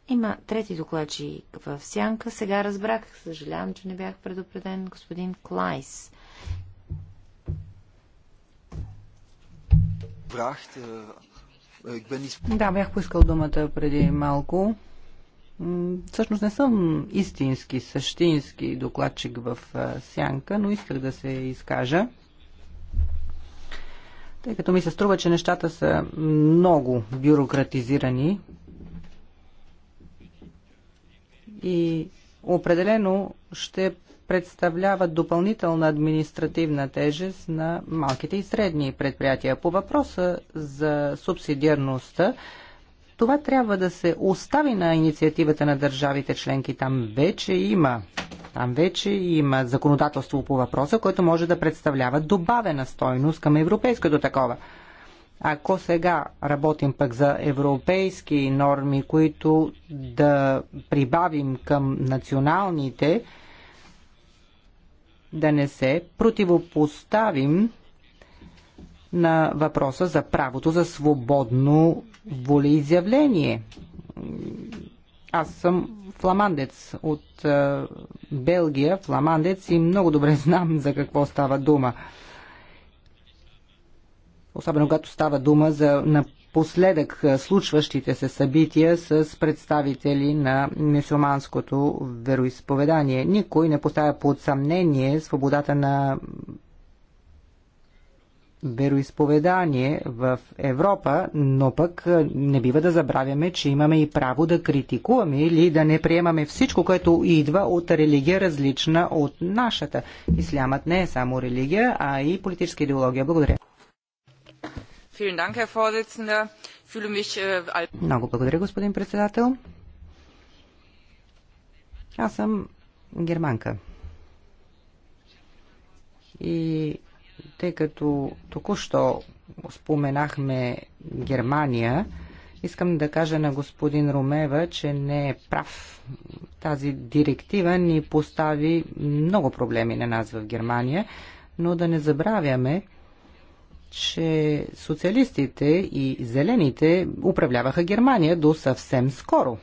Има трети докладчик в сянка. Сега разбрах. Съжалявам, че не бях предупреден господин Клайс. Vraagt, да, бях поискал думата преди малко. Всъщност не съм истински, същински докладчик в сянка, но исках да се изкажа. Тъй като ми се струва, че нещата са много бюрократизирани и определено ще представляват допълнителна административна тежест на малките и средни предприятия. По въпроса за субсидиарността, това трябва да се остави на инициативата на държавите членки. Там вече има там вече има законодателство по въпроса, което може да представлява добавена стойност към европейското такова. Ако сега работим пък за европейски норми, които да прибавим към националните, да не се противопоставим на въпроса за правото за свободно волеизявление. Аз съм фламандец от Белгия, фламандец и много добре знам за какво става дума. Особено когато става дума за на напоследък случващите се събития с представители на мюсюлманското вероисповедание. Никой не поставя под съмнение свободата на вероисповедание в Европа, но пък не бива да забравяме, че имаме и право да критикуваме или да не приемаме всичко, което идва от религия различна от нашата. Ислямът не е само религия, а и политическа идеология. Благодаря. Äh, много благодаря, господин председател. Аз съм германка. И тъй като току-що споменахме Германия, искам да кажа на господин Ромева, че не е прав. Тази директива ни постави много проблеми на нас в Германия, но да не забравяме, че социалистите и зелените управляваха Германия до съвсем скоро.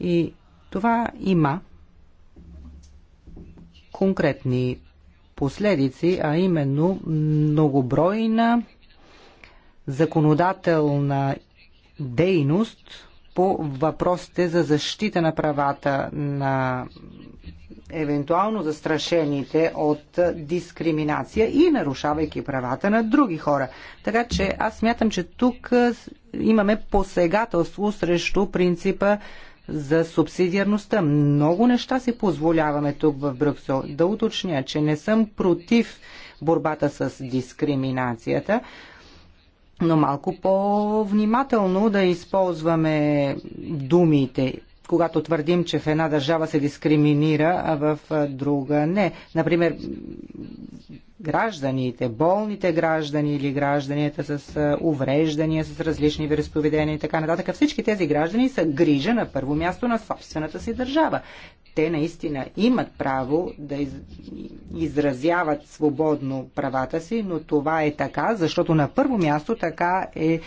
И това има конкретни последици, а именно многобройна законодателна дейност по въпросите за защита на правата на евентуално застрашените от дискриминация и нарушавайки правата на други хора. Така че аз смятам, че тук имаме посегателство срещу принципа за субсидиарността. Много неща си позволяваме тук в Брюксел. Да уточня, че не съм против борбата с дискриминацията, но малко по-внимателно да използваме думите когато твърдим, че в една държава се дискриминира, а в друга не. Например, гражданите, болните граждани или гражданите с увреждания, с различни вероисповедения и така нататък. Всички тези граждани са грижа на първо място на собствената си държава. Те наистина имат право да изразяват свободно правата си, но това е така, защото на първо място така е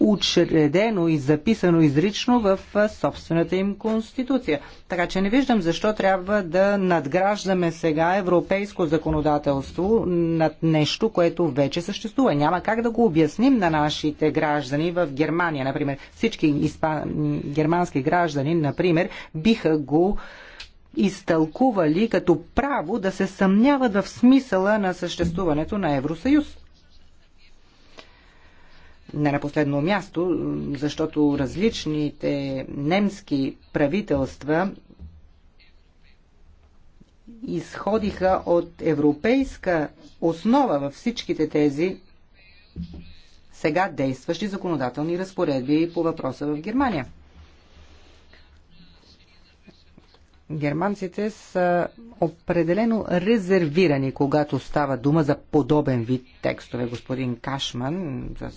учредено и записано изрично в собствената им конституция. Така че не виждам защо трябва да надграждаме сега европейско законодателство над нещо, което вече съществува. Няма как да го обясним на нашите граждани в Германия, например. Всички испан... германски граждани, например, биха го изтълкували като право да се съмняват в смисъла на съществуването на Евросъюз не на последно място, защото различните немски правителства изходиха от европейска основа във всичките тези сега действащи законодателни разпоредби по въпроса в Германия. германците са определено резервирани, когато става дума за подобен вид текстове. Господин Кашман за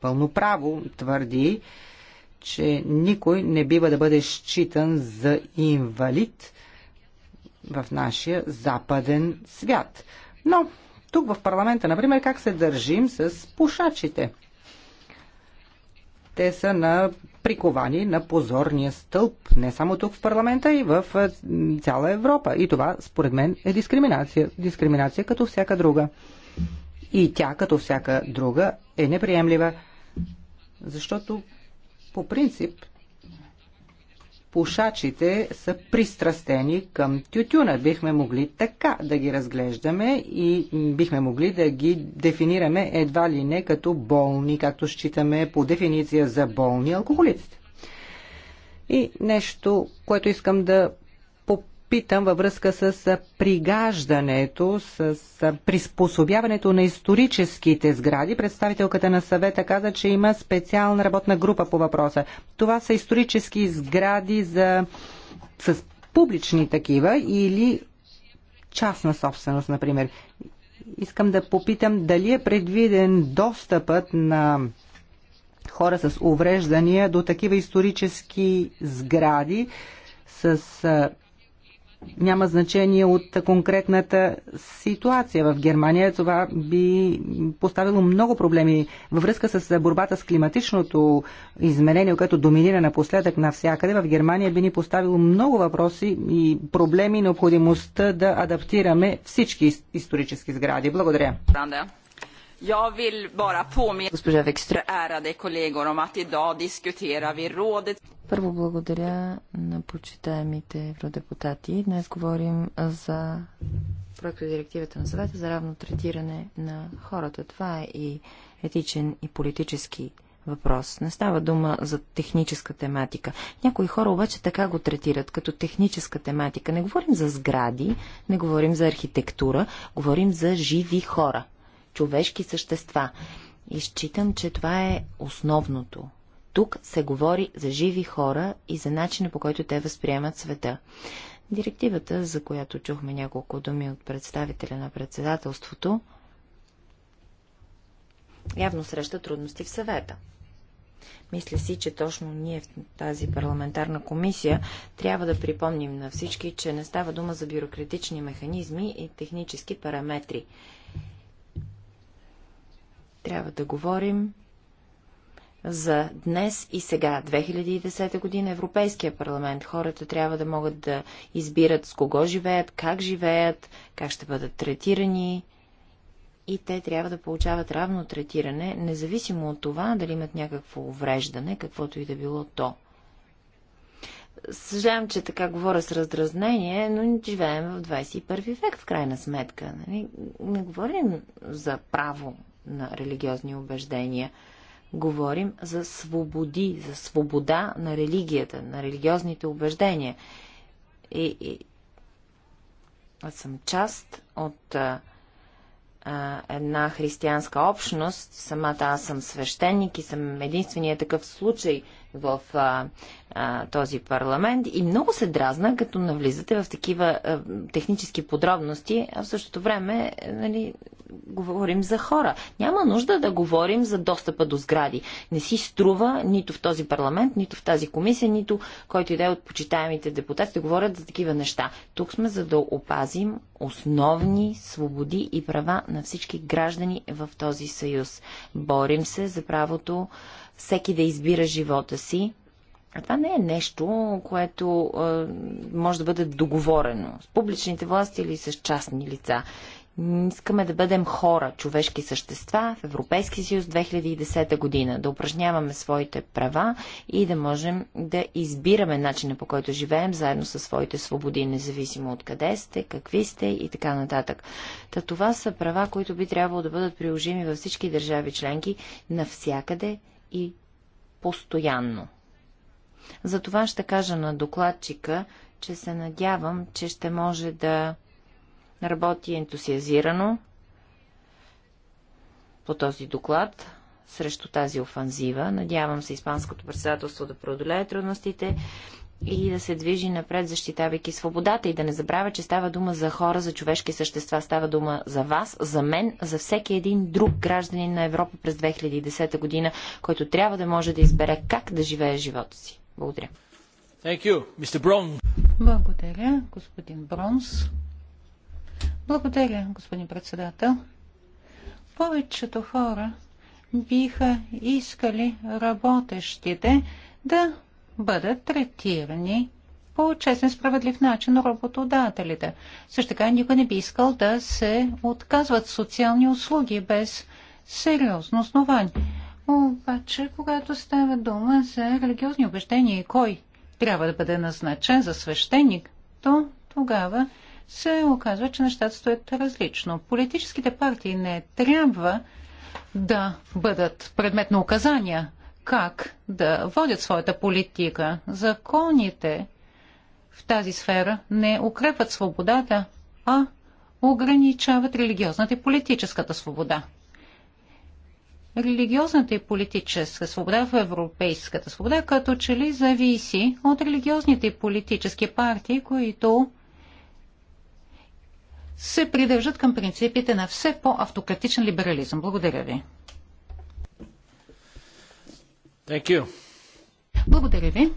пълно право твърди, че никой не бива да бъде считан за инвалид в нашия западен свят. Но тук в парламента, например, как се държим с пушачите? Те са на приковани на позорния стълб, не само тук в парламента, и в цяла Европа. И това, според мен, е дискриминация. Дискриминация като всяка друга. И тя, като всяка друга, е неприемлива. Защото, по принцип, пушачите са пристрастени към тютюна. Бихме могли така да ги разглеждаме и бихме могли да ги дефинираме едва ли не като болни, както считаме по дефиниция за болни алкохолиците. И нещо, което искам да питам във връзка с пригаждането, с приспособяването на историческите сгради. Представителката на съвета каза, че има специална работна група по въпроса. Това са исторически сгради за... с публични такива или частна собственост, например. Искам да попитам дали е предвиден достъпът на хора с увреждания до такива исторически сгради с няма значение от конкретната ситуация в Германия. Това би поставило много проблеми във връзка с борбата с климатичното изменение, което доминира напоследък навсякъде. В Германия би ни поставило много въпроси и проблеми, необходимостта да адаптираме всички исторически сгради. Благодаря. Jag vill bara påminna ärade kollegor om att idag diskuterar vi rådet. Първо благодаря на почитаемите евродепутати. Днес говорим за проекта директивата на съвета за равно третиране на хората. Това е и етичен и политически въпрос. Не става дума за техническа тематика. Някои хора обаче така го третират, като техническа тематика. Не говорим за сгради, не говорим за архитектура, говорим за живи хора човешки същества. И считам, че това е основното. Тук се говори за живи хора и за начина по който те възприемат света. Директивата, за която чухме няколко думи от представителя на председателството, явно среща трудности в съвета. Мисля си, че точно ние в тази парламентарна комисия трябва да припомним на всички, че не става дума за бюрократични механизми и технически параметри. Трябва да говорим за днес и сега, 2010 година, Европейския парламент. Хората трябва да могат да избират с кого живеят, как живеят, как ще бъдат третирани и те трябва да получават равно третиране, независимо от това дали имат някакво увреждане, каквото и да било то. Съжалявам, че така говоря с раздразнение, но живеем в 21 век, в крайна сметка. Нали? Не говорим за право на религиозни убеждения. Говорим за свободи, за свобода на религията, на религиозните убеждения. И, и аз съм част от а, една християнска общност. Самата аз съм свещеник и съм единственият такъв случай в а, а, този парламент и много се дразна, като навлизате в такива а, технически подробности, а в същото време е, нали, говорим за хора. Няма нужда да говорим за достъпа до сгради. Не си струва нито в този парламент, нито в тази комисия, нито който иде от почитаемите депутати да говорят за такива неща. Тук сме за да опазим основни свободи и права на всички граждани в този съюз. Борим се за правото всеки да избира живота си. А това не е нещо, което а, може да бъде договорено с публичните власти или с частни лица. Искаме да бъдем хора, човешки същества в Европейски съюз 2010 година, да упражняваме своите права и да можем да избираме начина по който живеем, заедно със своите свободи, независимо от къде сте, какви сте и така нататък. Та това са права, които би трябвало да бъдат приложими във всички държави членки, навсякъде и постоянно. Затова ще кажа на докладчика, че се надявам, че ще може да работи ентусиазирано по този доклад срещу тази офанзива. Надявам се Испанското председателство да преодолее трудностите и да се движи напред, защитавайки свободата и да не забравя, че става дума за хора, за човешки същества, става дума за вас, за мен, за всеки един друг гражданин на Европа през 2010 година, който трябва да може да избере как да живее живота си. Благодаря. Thank you, Mr. Brown. Благодаря, господин Бронс. Благодаря, господин председател. Повечето хора биха искали работещите да бъдат третирани по честен справедлив начин работодателите. Също така никой не би искал да се отказват социални услуги без сериозно основание. Обаче, когато става дума за религиозни убеждения и кой трябва да бъде назначен за свещеник, то тогава се оказва, че нещата стоят различно. Политическите партии не трябва да бъдат предмет на указания – как да водят своята политика. Законите в тази сфера не укрепват свободата, а ограничават религиозната и политическата свобода. Религиозната и политическа свобода в европейската свобода като че ли зависи от религиозните и политически партии, които се придържат към принципите на все по-автократичен либерализъм. Благодаря ви. Thank you. Благодаря ви.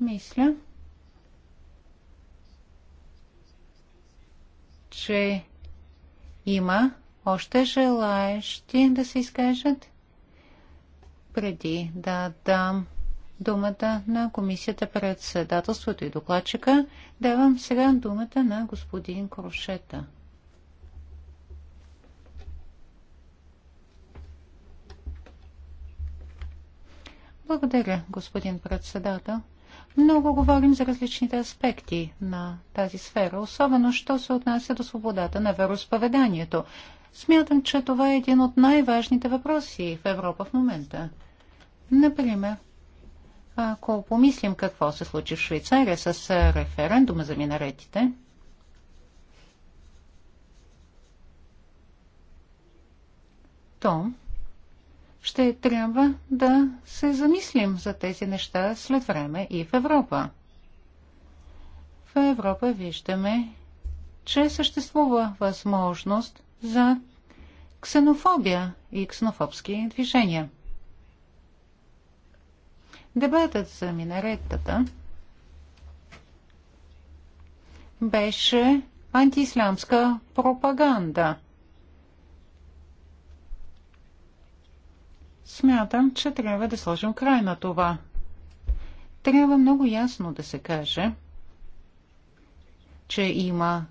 Мисля, че има още желаещи да се изкажат? Преди да дам думата на комисията председателството и докладчика, давам сега думата на господин Крушета. Благодаря, господин председател. Много говорим за различните аспекти на тази сфера, особено що се отнася до свободата на вероисповеданието. Смятам, че това е един от най-важните въпроси в Европа в момента. Например, ако помислим какво се случи в Швейцария с референдума за минаретите, то ще трябва да се замислим за тези неща след време и в Европа. В Европа виждаме, че съществува възможност за ксенофобия и ксенофобски движения. Дебатът за минаретата беше антиисламска пропаганда – Смятам, че трябва да сложим край на това. Трябва много ясно да се каже, че има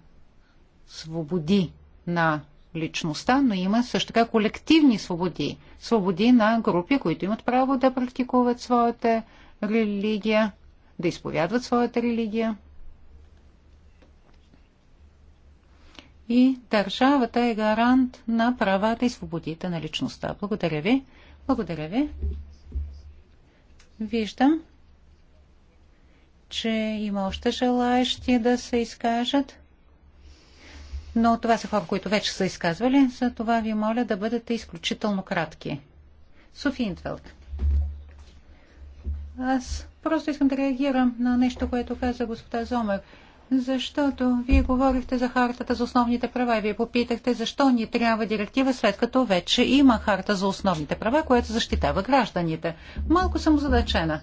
свободи на личността, но има също така колективни свободи. Свободи на групи, които имат право да практикуват своята религия, да изповядват своята религия. И държавата е гарант на правата и свободите на личността. Благодаря ви. Благодаря ви. Виждам, че има още желаящи да се изкажат. Но това са хора, които вече са изказвали, за това ви моля да бъдете изключително кратки. Софи Интвелд. Аз просто искам да реагирам на нещо, което каза господа Зомер. Защото вие говорихте за хартата за основните права и вие попитахте защо ни трябва директива, след като вече има харта за основните права, която защитава гражданите. Малко съм задачена.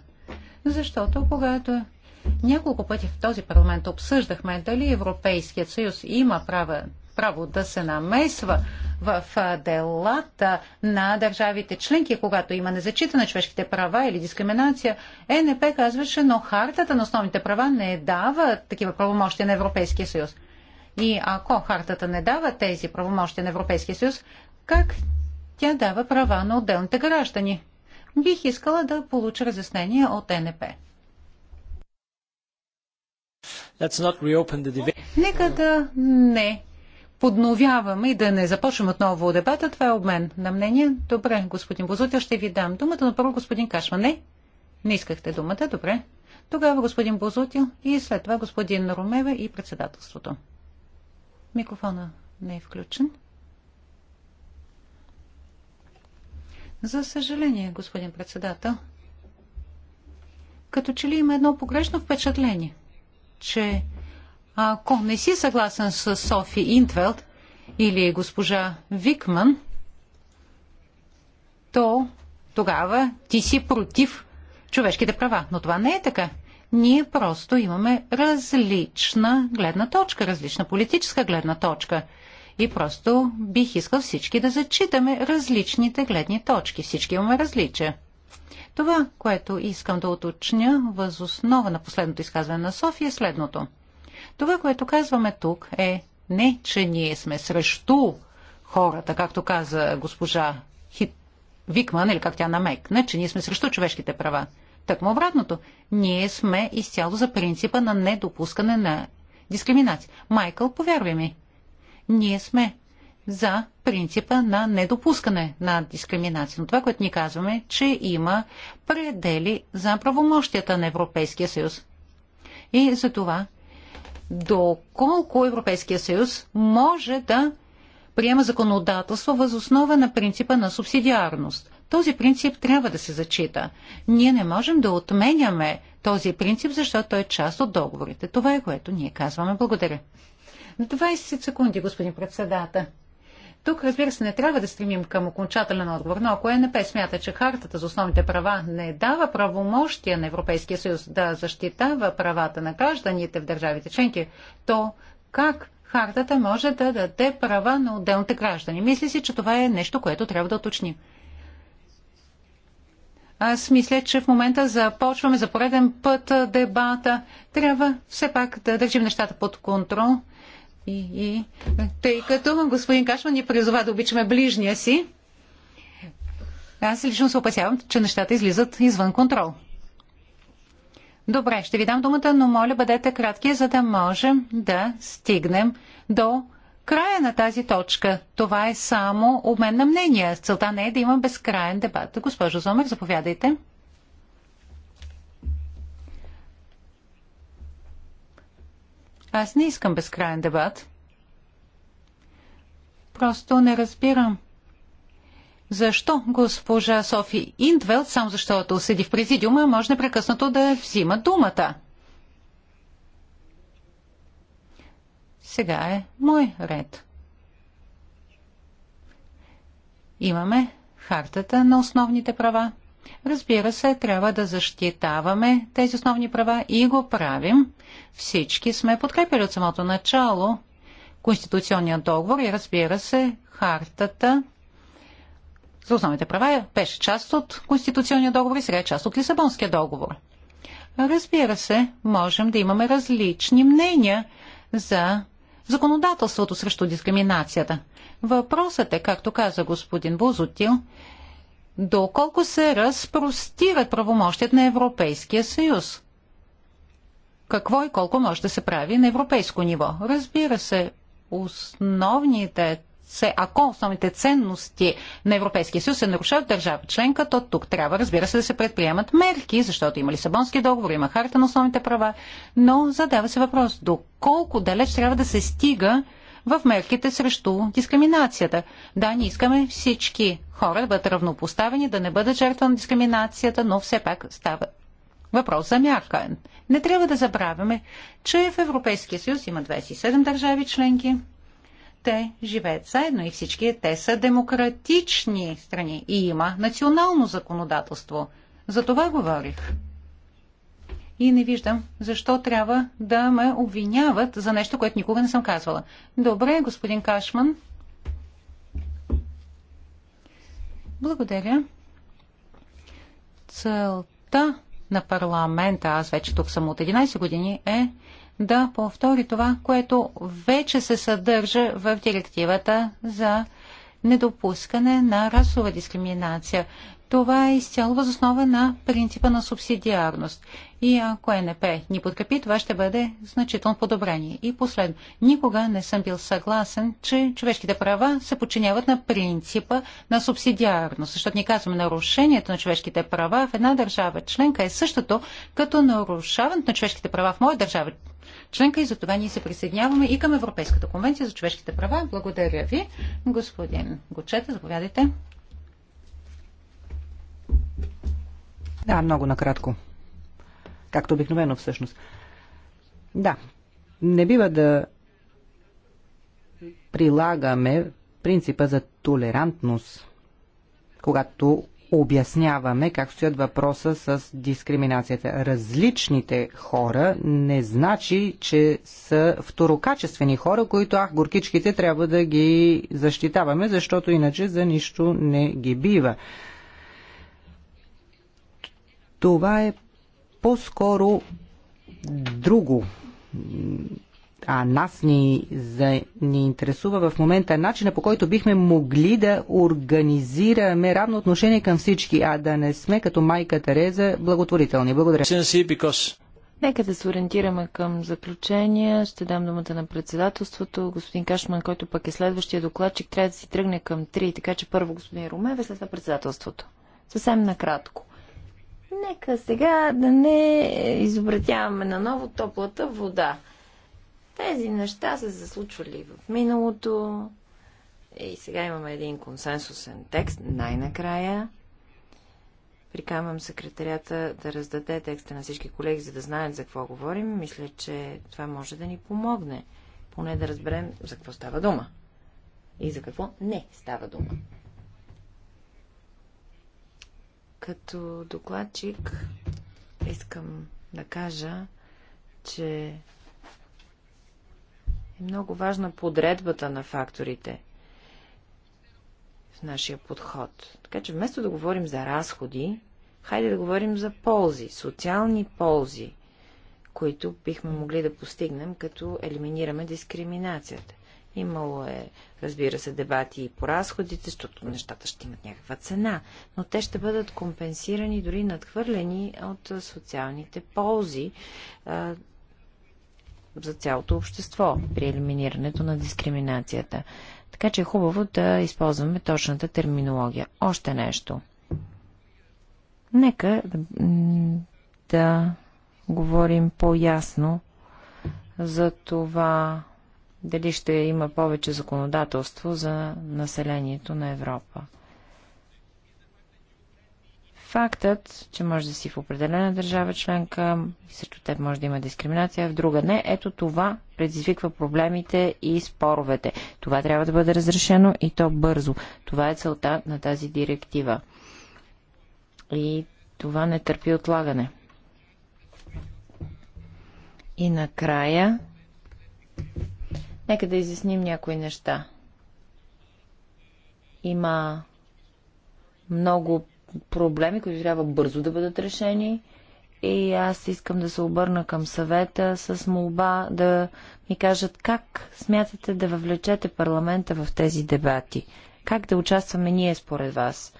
Защото когато няколко пъти в този парламент обсъждахме дали Европейският съюз има права право да се намесва в делата на държавите членки, когато има незачита на човешките права или дискриминация. ЕНП казваше, но хартата на основните права не дава такива правомощия на Европейския съюз. И ако хартата не дава тези правомощия на Европейския съюз, как тя дава права на отделните граждани? Бих искала да получа разяснение от НП. Нека да не подновяваме и да не започваме отново дебата, това е обмен на мнение. Добре, господин Бозутя, ще ви дам думата, но първо господин Кашма. Не? Не искахте думата, добре. Тогава господин Бозутил и след това господин Румева и председателството. Микрофона не е включен. За съжаление, господин председател, като че ли има едно погрешно впечатление, че ако не си съгласен с Софи Интвелд или госпожа Викман, то тогава ти си против човешките права. Но това не е така. Ние просто имаме различна гледна точка, различна политическа гледна точка. И просто бих искал всички да зачитаме различните гледни точки. Всички имаме различия. Това, което искам да уточня възоснова на последното изказване на София е следното – това, което казваме тук е не, че ние сме срещу хората, както каза госпожа Хит... Викман, или как тя намекна, че ние сме срещу човешките права. Такмо обратното. Ние сме изцяло за принципа на недопускане на дискриминация. Майкъл, повярвай ми, ние сме за принципа на недопускане на дискриминация. Но това, което ни казваме, е, че има предели за правомощията на Европейския съюз. И за това доколко Европейския съюз може да приема законодателство въз основа на принципа на субсидиарност. Този принцип трябва да се зачита. Ние не можем да отменяме този принцип, защото той е част от договорите. Това е което ние казваме. Благодаря. 20 секунди, господин председател. Тук, разбира се, не трябва да стремим към окончателен отговор, но ако ЕНП смята, че хартата за основните права не дава правомощия на Европейския съюз да защитава правата на гражданите в държавите членки, то как хартата може да даде права на отделните граждани? Мисля си, че това е нещо, което трябва да уточним. Аз мисля, че в момента започваме за пореден път дебата. Трябва все пак да държим нещата под контрол и, и, тъй като господин Кашман ни призова да обичаме ближния си, аз лично се опасявам, че нещата излизат извън контрол. Добре, ще ви дам думата, но моля бъдете кратки, за да можем да стигнем до края на тази точка. Това е само обмен на мнения. Целта не е да има безкрайен дебат. Госпожо Зомер, заповядайте. Аз не искам безкрайен дебат. Просто не разбирам. Защо госпожа Софи Индвелт, само защото седи в президиума, може непрекъснато да взима думата? Сега е мой ред. Имаме хартата на основните права. Разбира се, трябва да защитаваме тези основни права и го правим. Всички сме подкрепили от самото начало Конституционният договор и разбира се, хартата за основните права беше част от Конституционния договор и сега е част от Лисабонския договор. Разбира се, можем да имаме различни мнения за законодателството срещу дискриминацията. Въпросът е, както каза господин Бузотил, доколко се разпростират правомощият на Европейския съюз. Какво и колко може да се прави на европейско ниво? Разбира се, основните ако основните ценности на Европейския съюз се нарушават държава членка, то тук трябва, разбира се, да се предприемат мерки, защото има Лисабонски договор, има харта на основните права, но задава се въпрос, доколко далеч трябва да се стига в мерките срещу дискриминацията. Да, ние искаме всички хора да бъдат равнопоставени, да не бъдат жертва на дискриминацията, но все пак става въпрос за мярка. Не трябва да забравяме, че в Европейския съюз има 27 държави членки. Те живеят заедно и всички те са демократични страни и има национално законодателство. За това говорих и не виждам защо трябва да ме обвиняват за нещо, което никога не съм казвала. Добре, господин Кашман. Благодаря. Целта на парламента, аз вече тук съм от 11 години, е да повтори това, което вече се съдържа в директивата за недопускане на расова дискриминация. Това е изцяло възоснова на принципа на субсидиарност. И ако НП ни подкрепи, това ще бъде значително подобрение. И последно, никога не съм бил съгласен, че човешките права се подчиняват на принципа на субсидиарност, защото ни казваме нарушението на човешките права в една държава членка е същото като нарушаването на човешките права в моя държава членка и за това ние се присъединяваме и към Европейската конвенция за човешките права. Благодаря ви, господин Гочета, заповядайте. Да, много накратко. Както обикновено всъщност. Да, не бива да прилагаме принципа за толерантност, когато обясняваме как стоят въпроса с дискриминацията. Различните хора не значи, че са второкачествени хора, които, ах, горкичките трябва да ги защитаваме, защото иначе за нищо не ги бива. Това е по-скоро друго. А нас ни, за, ни интересува в момента начина по който бихме могли да организираме равно отношение към всички, а да не сме като майка Тереза благотворителни. Благодаря. Нека да се ориентираме към заключения. Ще дам думата на председателството. Господин Кашман, който пък е следващия докладчик, трябва да си тръгне към 3, така че първо господин Румеве, след това председателството. Съвсем накратко. Нека сега да не изобретяваме наново топлата вода. Тези неща са се случвали в миналото. И сега имаме един консенсусен текст, най-накрая. Прикамвам секретарята да раздаде текста на всички колеги, за да знаят за какво говорим. Мисля, че това може да ни помогне. Поне да разберем за какво става дума. И за какво не става дума. Като докладчик искам да кажа, че е много важна подредбата на факторите в нашия подход. Така че вместо да говорим за разходи, хайде да говорим за ползи, социални ползи, които бихме могли да постигнем, като елиминираме дискриминацията. Имало е, разбира се, дебати и по разходите, защото нещата ще имат някаква цена, но те ще бъдат компенсирани, дори надхвърлени от социалните ползи а, за цялото общество при елиминирането на дискриминацията. Така че е хубаво да използваме точната терминология. Още нещо. Нека да, да говорим по-ясно за това дали ще има повече законодателство за населението на Европа. Фактът, че може да си в определена държава членка, също теб може да има дискриминация, в друга не, ето това предизвиква проблемите и споровете. Това трябва да бъде разрешено и то бързо. Това е целта на тази директива. И това не търпи отлагане. И накрая Нека да изясним някои неща. Има много проблеми, които трябва бързо да бъдат решени. И аз искам да се обърна към съвета с молба да ми кажат как смятате да въвлечете парламента в тези дебати. Как да участваме ние според вас?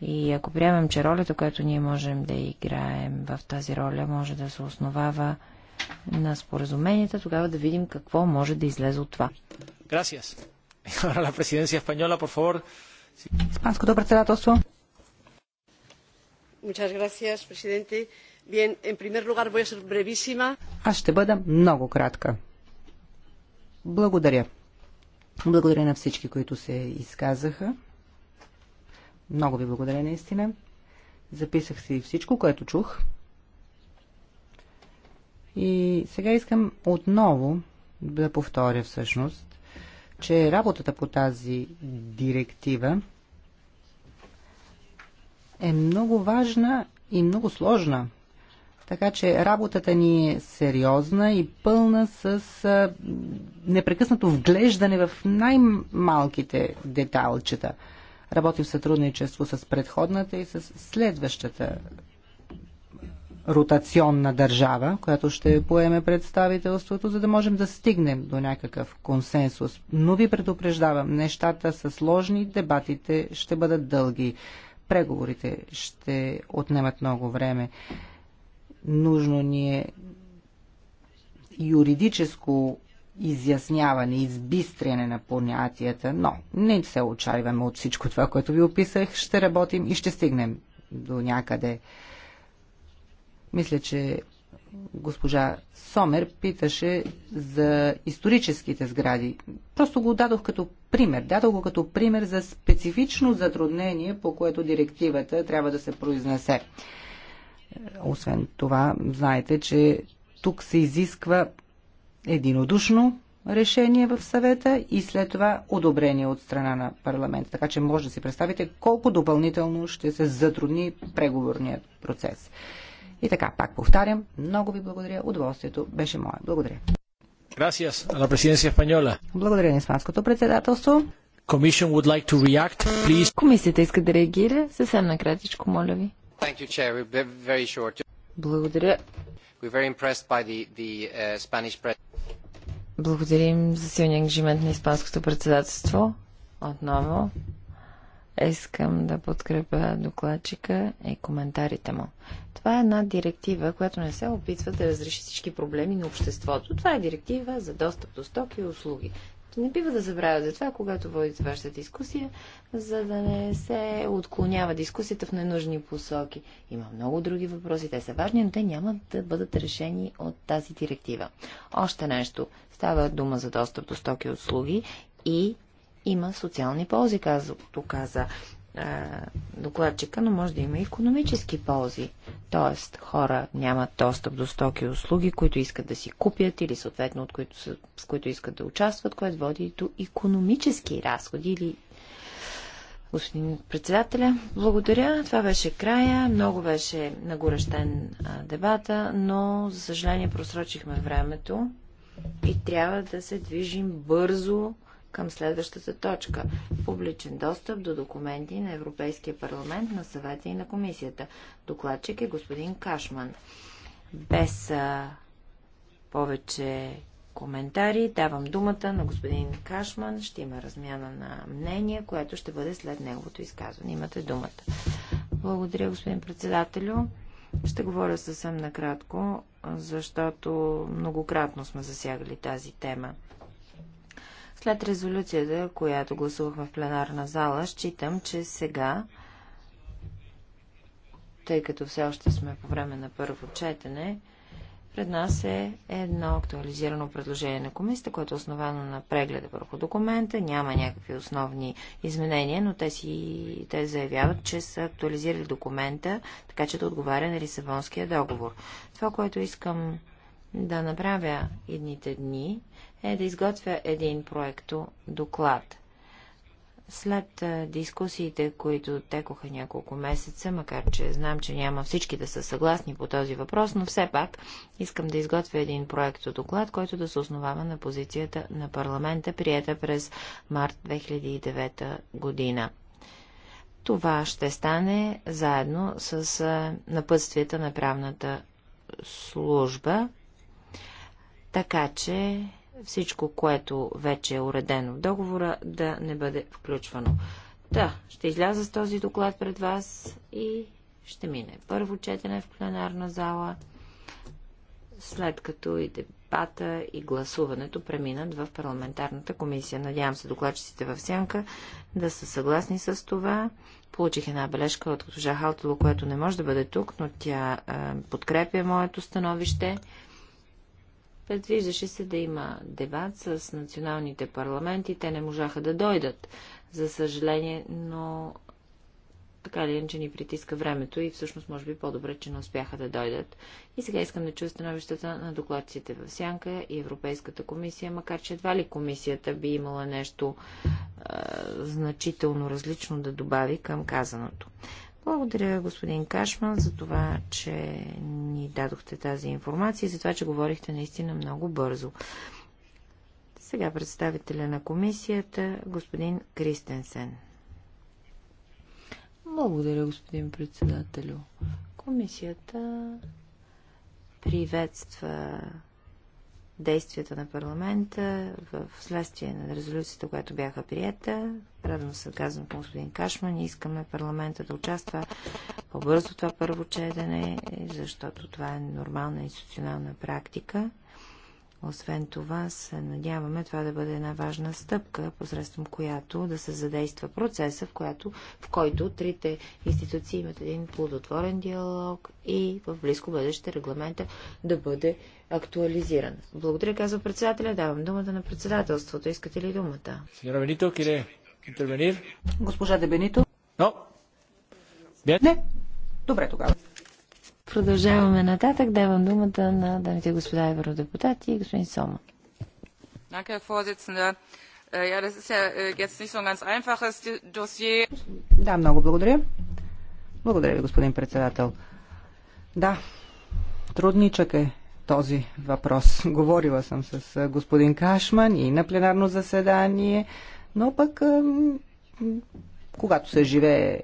И ако приемем, че ролята, която ние можем да играем в тази роля, може да се основава на споразуменията, тогава да видим какво може да излезе от това. Испанското председателство. Muchas gracias, presidente. Bien, en primer lugar voy a ser brevísima. Аз ще бъда много кратка. Благодаря. Благодаря на всички, които се изказаха. Много ви благодаря наистина. Записах си всичко, което чух. И сега искам отново да повторя всъщност, че работата по тази директива е много важна и много сложна. Така че работата ни е сериозна и пълна с а, непрекъснато вглеждане в най-малките деталчета. Работи в сътрудничество с предходната и с следващата ротационна държава, която ще поеме представителството, за да можем да стигнем до някакъв консенсус. Но ви предупреждавам, нещата са сложни, дебатите ще бъдат дълги, преговорите ще отнемат много време. Нужно ни е юридическо изясняване, избистряне на понятията, но не се отчаиваме от всичко това, което ви описах. Ще работим и ще стигнем до някъде. Мисля, че госпожа Сомер питаше за историческите сгради. Просто го дадох като пример. Дадох го като пример за специфично затруднение, по което директивата трябва да се произнесе. Освен това, знаете, че тук се изисква единодушно решение в съвета и след това одобрение от страна на парламента. Така че може да си представите колко допълнително ще се затрудни преговорният процес. И така, пак повтарям, много ви благодаря. Удоволствието беше мое. Благодаря. Gracias a la presidencia española. Благодаря на Испанското председателство. Commission would like to react, please. Комисията иска да реагира. Съвсем накратичко, моля ви. Thank you, Chair. We're very short. Благодаря. We're very impressed by the, the uh, Spanish Благодарим за силния ангажимент на Испанското председателство. Отново Искам да подкрепя докладчика и коментарите му. Това е една директива, която не се опитва да разреши всички проблеми на обществото. Това е директива за достъп до стоки и услуги. Не бива да забравяте това, когато водите вашата дискусия, за да не се отклонява дискусията в ненужни посоки. Има много други въпроси, те са важни, но те няма да бъдат решени от тази директива. Още нещо. Става дума за достъп до стоки и услуги и има социални ползи, казато каза докладчика, но може да има и економически ползи. Тоест, хора нямат достъп до стоки и услуги, които искат да си купят или съответно от които, с които искат да участват, което води до економически разходи или господин председателя. Благодаря. Това беше края. Много беше нагорещен дебата, но, за съжаление, просрочихме времето и трябва да се движим бързо към следващата точка – публичен достъп до документи на Европейския парламент, на съвета и на комисията. Докладчик е господин Кашман. Без а, повече коментари давам думата на господин Кашман. Ще има размяна на мнение, което ще бъде след неговото изказване. Имате думата. Благодаря, господин председателю. Ще говоря съвсем накратко, защото многократно сме засягали тази тема. След резолюцията, която гласувахме в пленарна зала, считам, че сега, тъй като все още сме по време на първо четене, пред нас е едно актуализирано предложение на комисията, което е основано на прегледа върху документа. Няма някакви основни изменения, но те, си, те заявяват, че са актуализирали документа, така че да отговаря на Лисабонския договор. Това, което искам да направя едните дни, е да изготвя един проекто доклад. След дискусиите, които текоха няколко месеца, макар че знам, че няма всички да са съгласни по този въпрос, но все пак искам да изготвя един проект доклад, който да се основава на позицията на парламента, приета през март 2009 година. Това ще стане заедно с напътствията на правната служба така че всичко, което вече е уредено в договора, да не бъде включвано. Да, ще изляза с този доклад пред вас и ще мине първо четене в пленарна зала, след като и дебата и гласуването преминат в парламентарната комисия. Надявам се докладчиците в Сянка да са съгласни с това. Получих една бележка от госпожа Халтело, което не може да бъде тук, но тя е, подкрепя моето становище. Предвиждаше се да има дебат с националните парламенти. Те не можаха да дойдат, за съжаление, но така ли че ни притиска времето и всъщност може би по-добре, че не успяха да дойдат. И сега искам да чуя становищата на докладците в Сянка и Европейската комисия, макар че едва ли комисията би имала нещо е, значително различно да добави към казаното. Благодаря, господин Кашман, за това, че ни дадохте тази информация и за това, че говорихте наистина много бързо. Сега представителя на комисията, господин Кристенсен. Благодаря, господин председателю. Комисията приветства действията на парламента в следствие на резолюцията, която бяха приета. Радно се, казвам към господин Кашман, искаме парламента да участва по-бързо това първо четене, защото това е нормална институционална практика. Освен това, се надяваме това да бъде една важна стъпка, посредством която да се задейства процеса, в, която, в който трите институции имат един плодотворен диалог и в близко бъдеще регламента да бъде актуализиран. Благодаря, казва председателя. Давам думата на председателството. Искате ли думата? Сеньора Бенито, кире интервенир? Госпожа Дебенито? Но. Не. Добре тогава. Продължаваме нататък. Давам думата на дамите господа евродепутати и господин Сома. Äh, äh, да, много благодаря. Благодаря ви, господин председател. Да, трудничък е този въпрос. Говорила съм с господин Кашман и на пленарно заседание, но пък когато се живее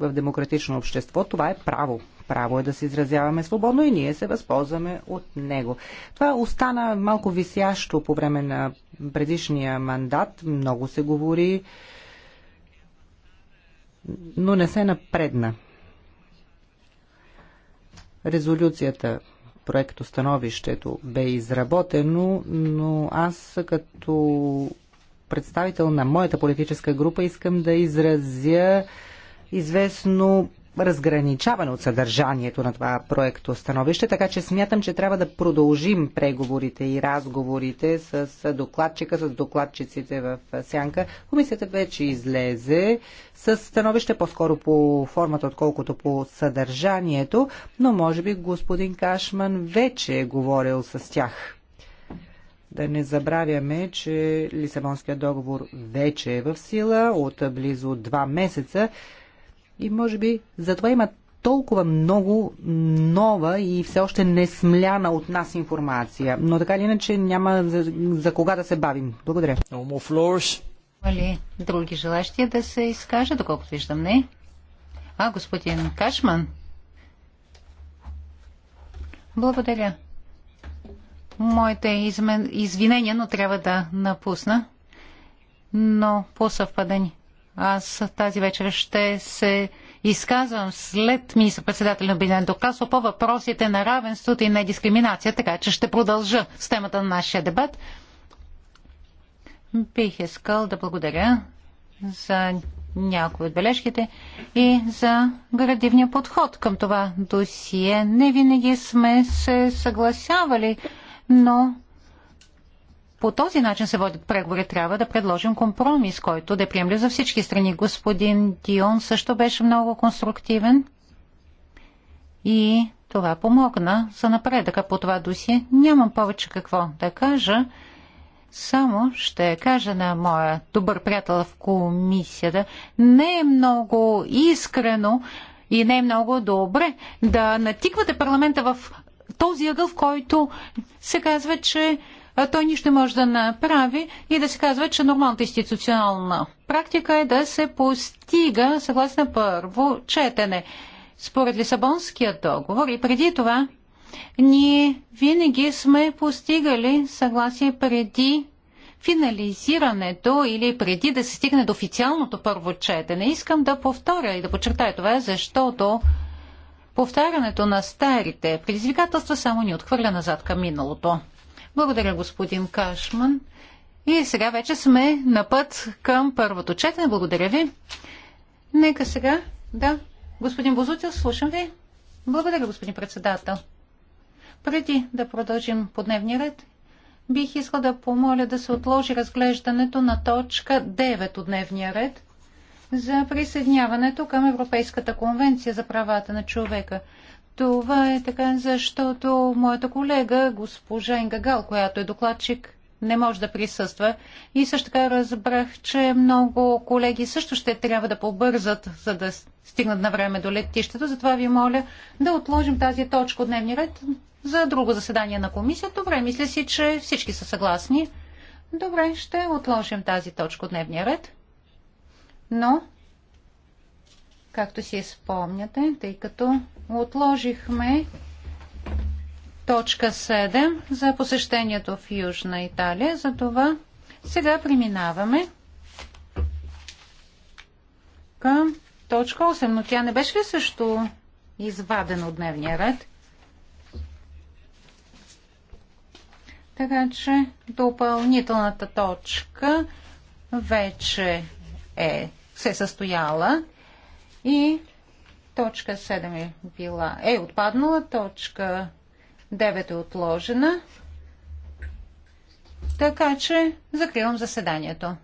в демократично общество, това е право право е да се изразяваме свободно и ние се възползваме от него. Това остана малко висящо по време на предишния мандат. Много се говори, но не се напредна. Резолюцията проекто становището бе изработено, но аз като представител на моята политическа група искам да изразя известно разграничаване от съдържанието на това проекто становище, така че смятам, че трябва да продължим преговорите и разговорите с докладчика, с докладчиците в Сянка. Комисията вече излезе с становище по-скоро по формата, отколкото по съдържанието, но може би господин Кашман вече е говорил с тях. Да не забравяме, че Лисабонският договор вече е в сила от близо два месеца и може би затова има толкова много нова и все още не смляна от нас информация. Но така или иначе няма за, за кога да се бавим. Благодаря. No Има ли други желащи да се изкажат, доколкото виждам не? А, господин Кашман. Благодаря. Моите измен... извинения, но трябва да напусна. Но по съвпадение аз тази вечер ще се изказвам след министър-председател на Обединеното Докасо по въпросите на равенството и на дискриминация, така че ще продължа с темата на нашия дебат. Бих искал да благодаря за някои от бележките и за градивния подход към това досие. Не винаги сме се съгласявали, но по този начин се водят преговори. Трябва да предложим компромис, който да приемли за всички страни. Господин Дион също беше много конструктивен и това помогна за напредъка по това досие. Нямам повече какво да кажа. Само ще кажа на моя добър приятел в комисията, не е много искрено и не е много добре да натиквате парламента в този ъгъл, в който се казва, че той нищо може да направи и да се казва, че нормалната институционална практика е да се постига съгласно първо четене. Според Лисабонския договор и преди това ние винаги сме постигали съгласие преди финализирането или преди да се стигне до официалното първо четене. Искам да повторя и да подчертая това, защото повтарянето на старите предизвикателства само ни отхвърля назад към миналото. Благодаря, господин Кашман. И сега вече сме на път към първото четене. Благодаря ви. Нека сега, да, господин Бозутил, слушам ви. Благодаря, господин председател. Преди да продължим по дневния ред, бих искал да помоля да се отложи разглеждането на точка 9 от дневния ред за присъединяването към Европейската конвенция за правата на човека. Това е така, защото моята колега, госпожа Гал, която е докладчик, не може да присъства. И също така разбрах, че много колеги също ще трябва да побързат, за да стигнат на време до летището. Затова ви моля да отложим тази точка от дневния ред за друго заседание на комисията. Добре, мисля си, че всички са съгласни. Добре, ще отложим тази точка от дневния ред. Но, както си спомняте, тъй като отложихме точка 7 за посещението в Южна Италия. Затова сега преминаваме към точка 8, но тя не беше ли също извадена от дневния ред? Така че допълнителната точка вече е се е състояла и Точка 7 е била, е отпаднала, точка 9 е отложена. Така че закривам заседанието.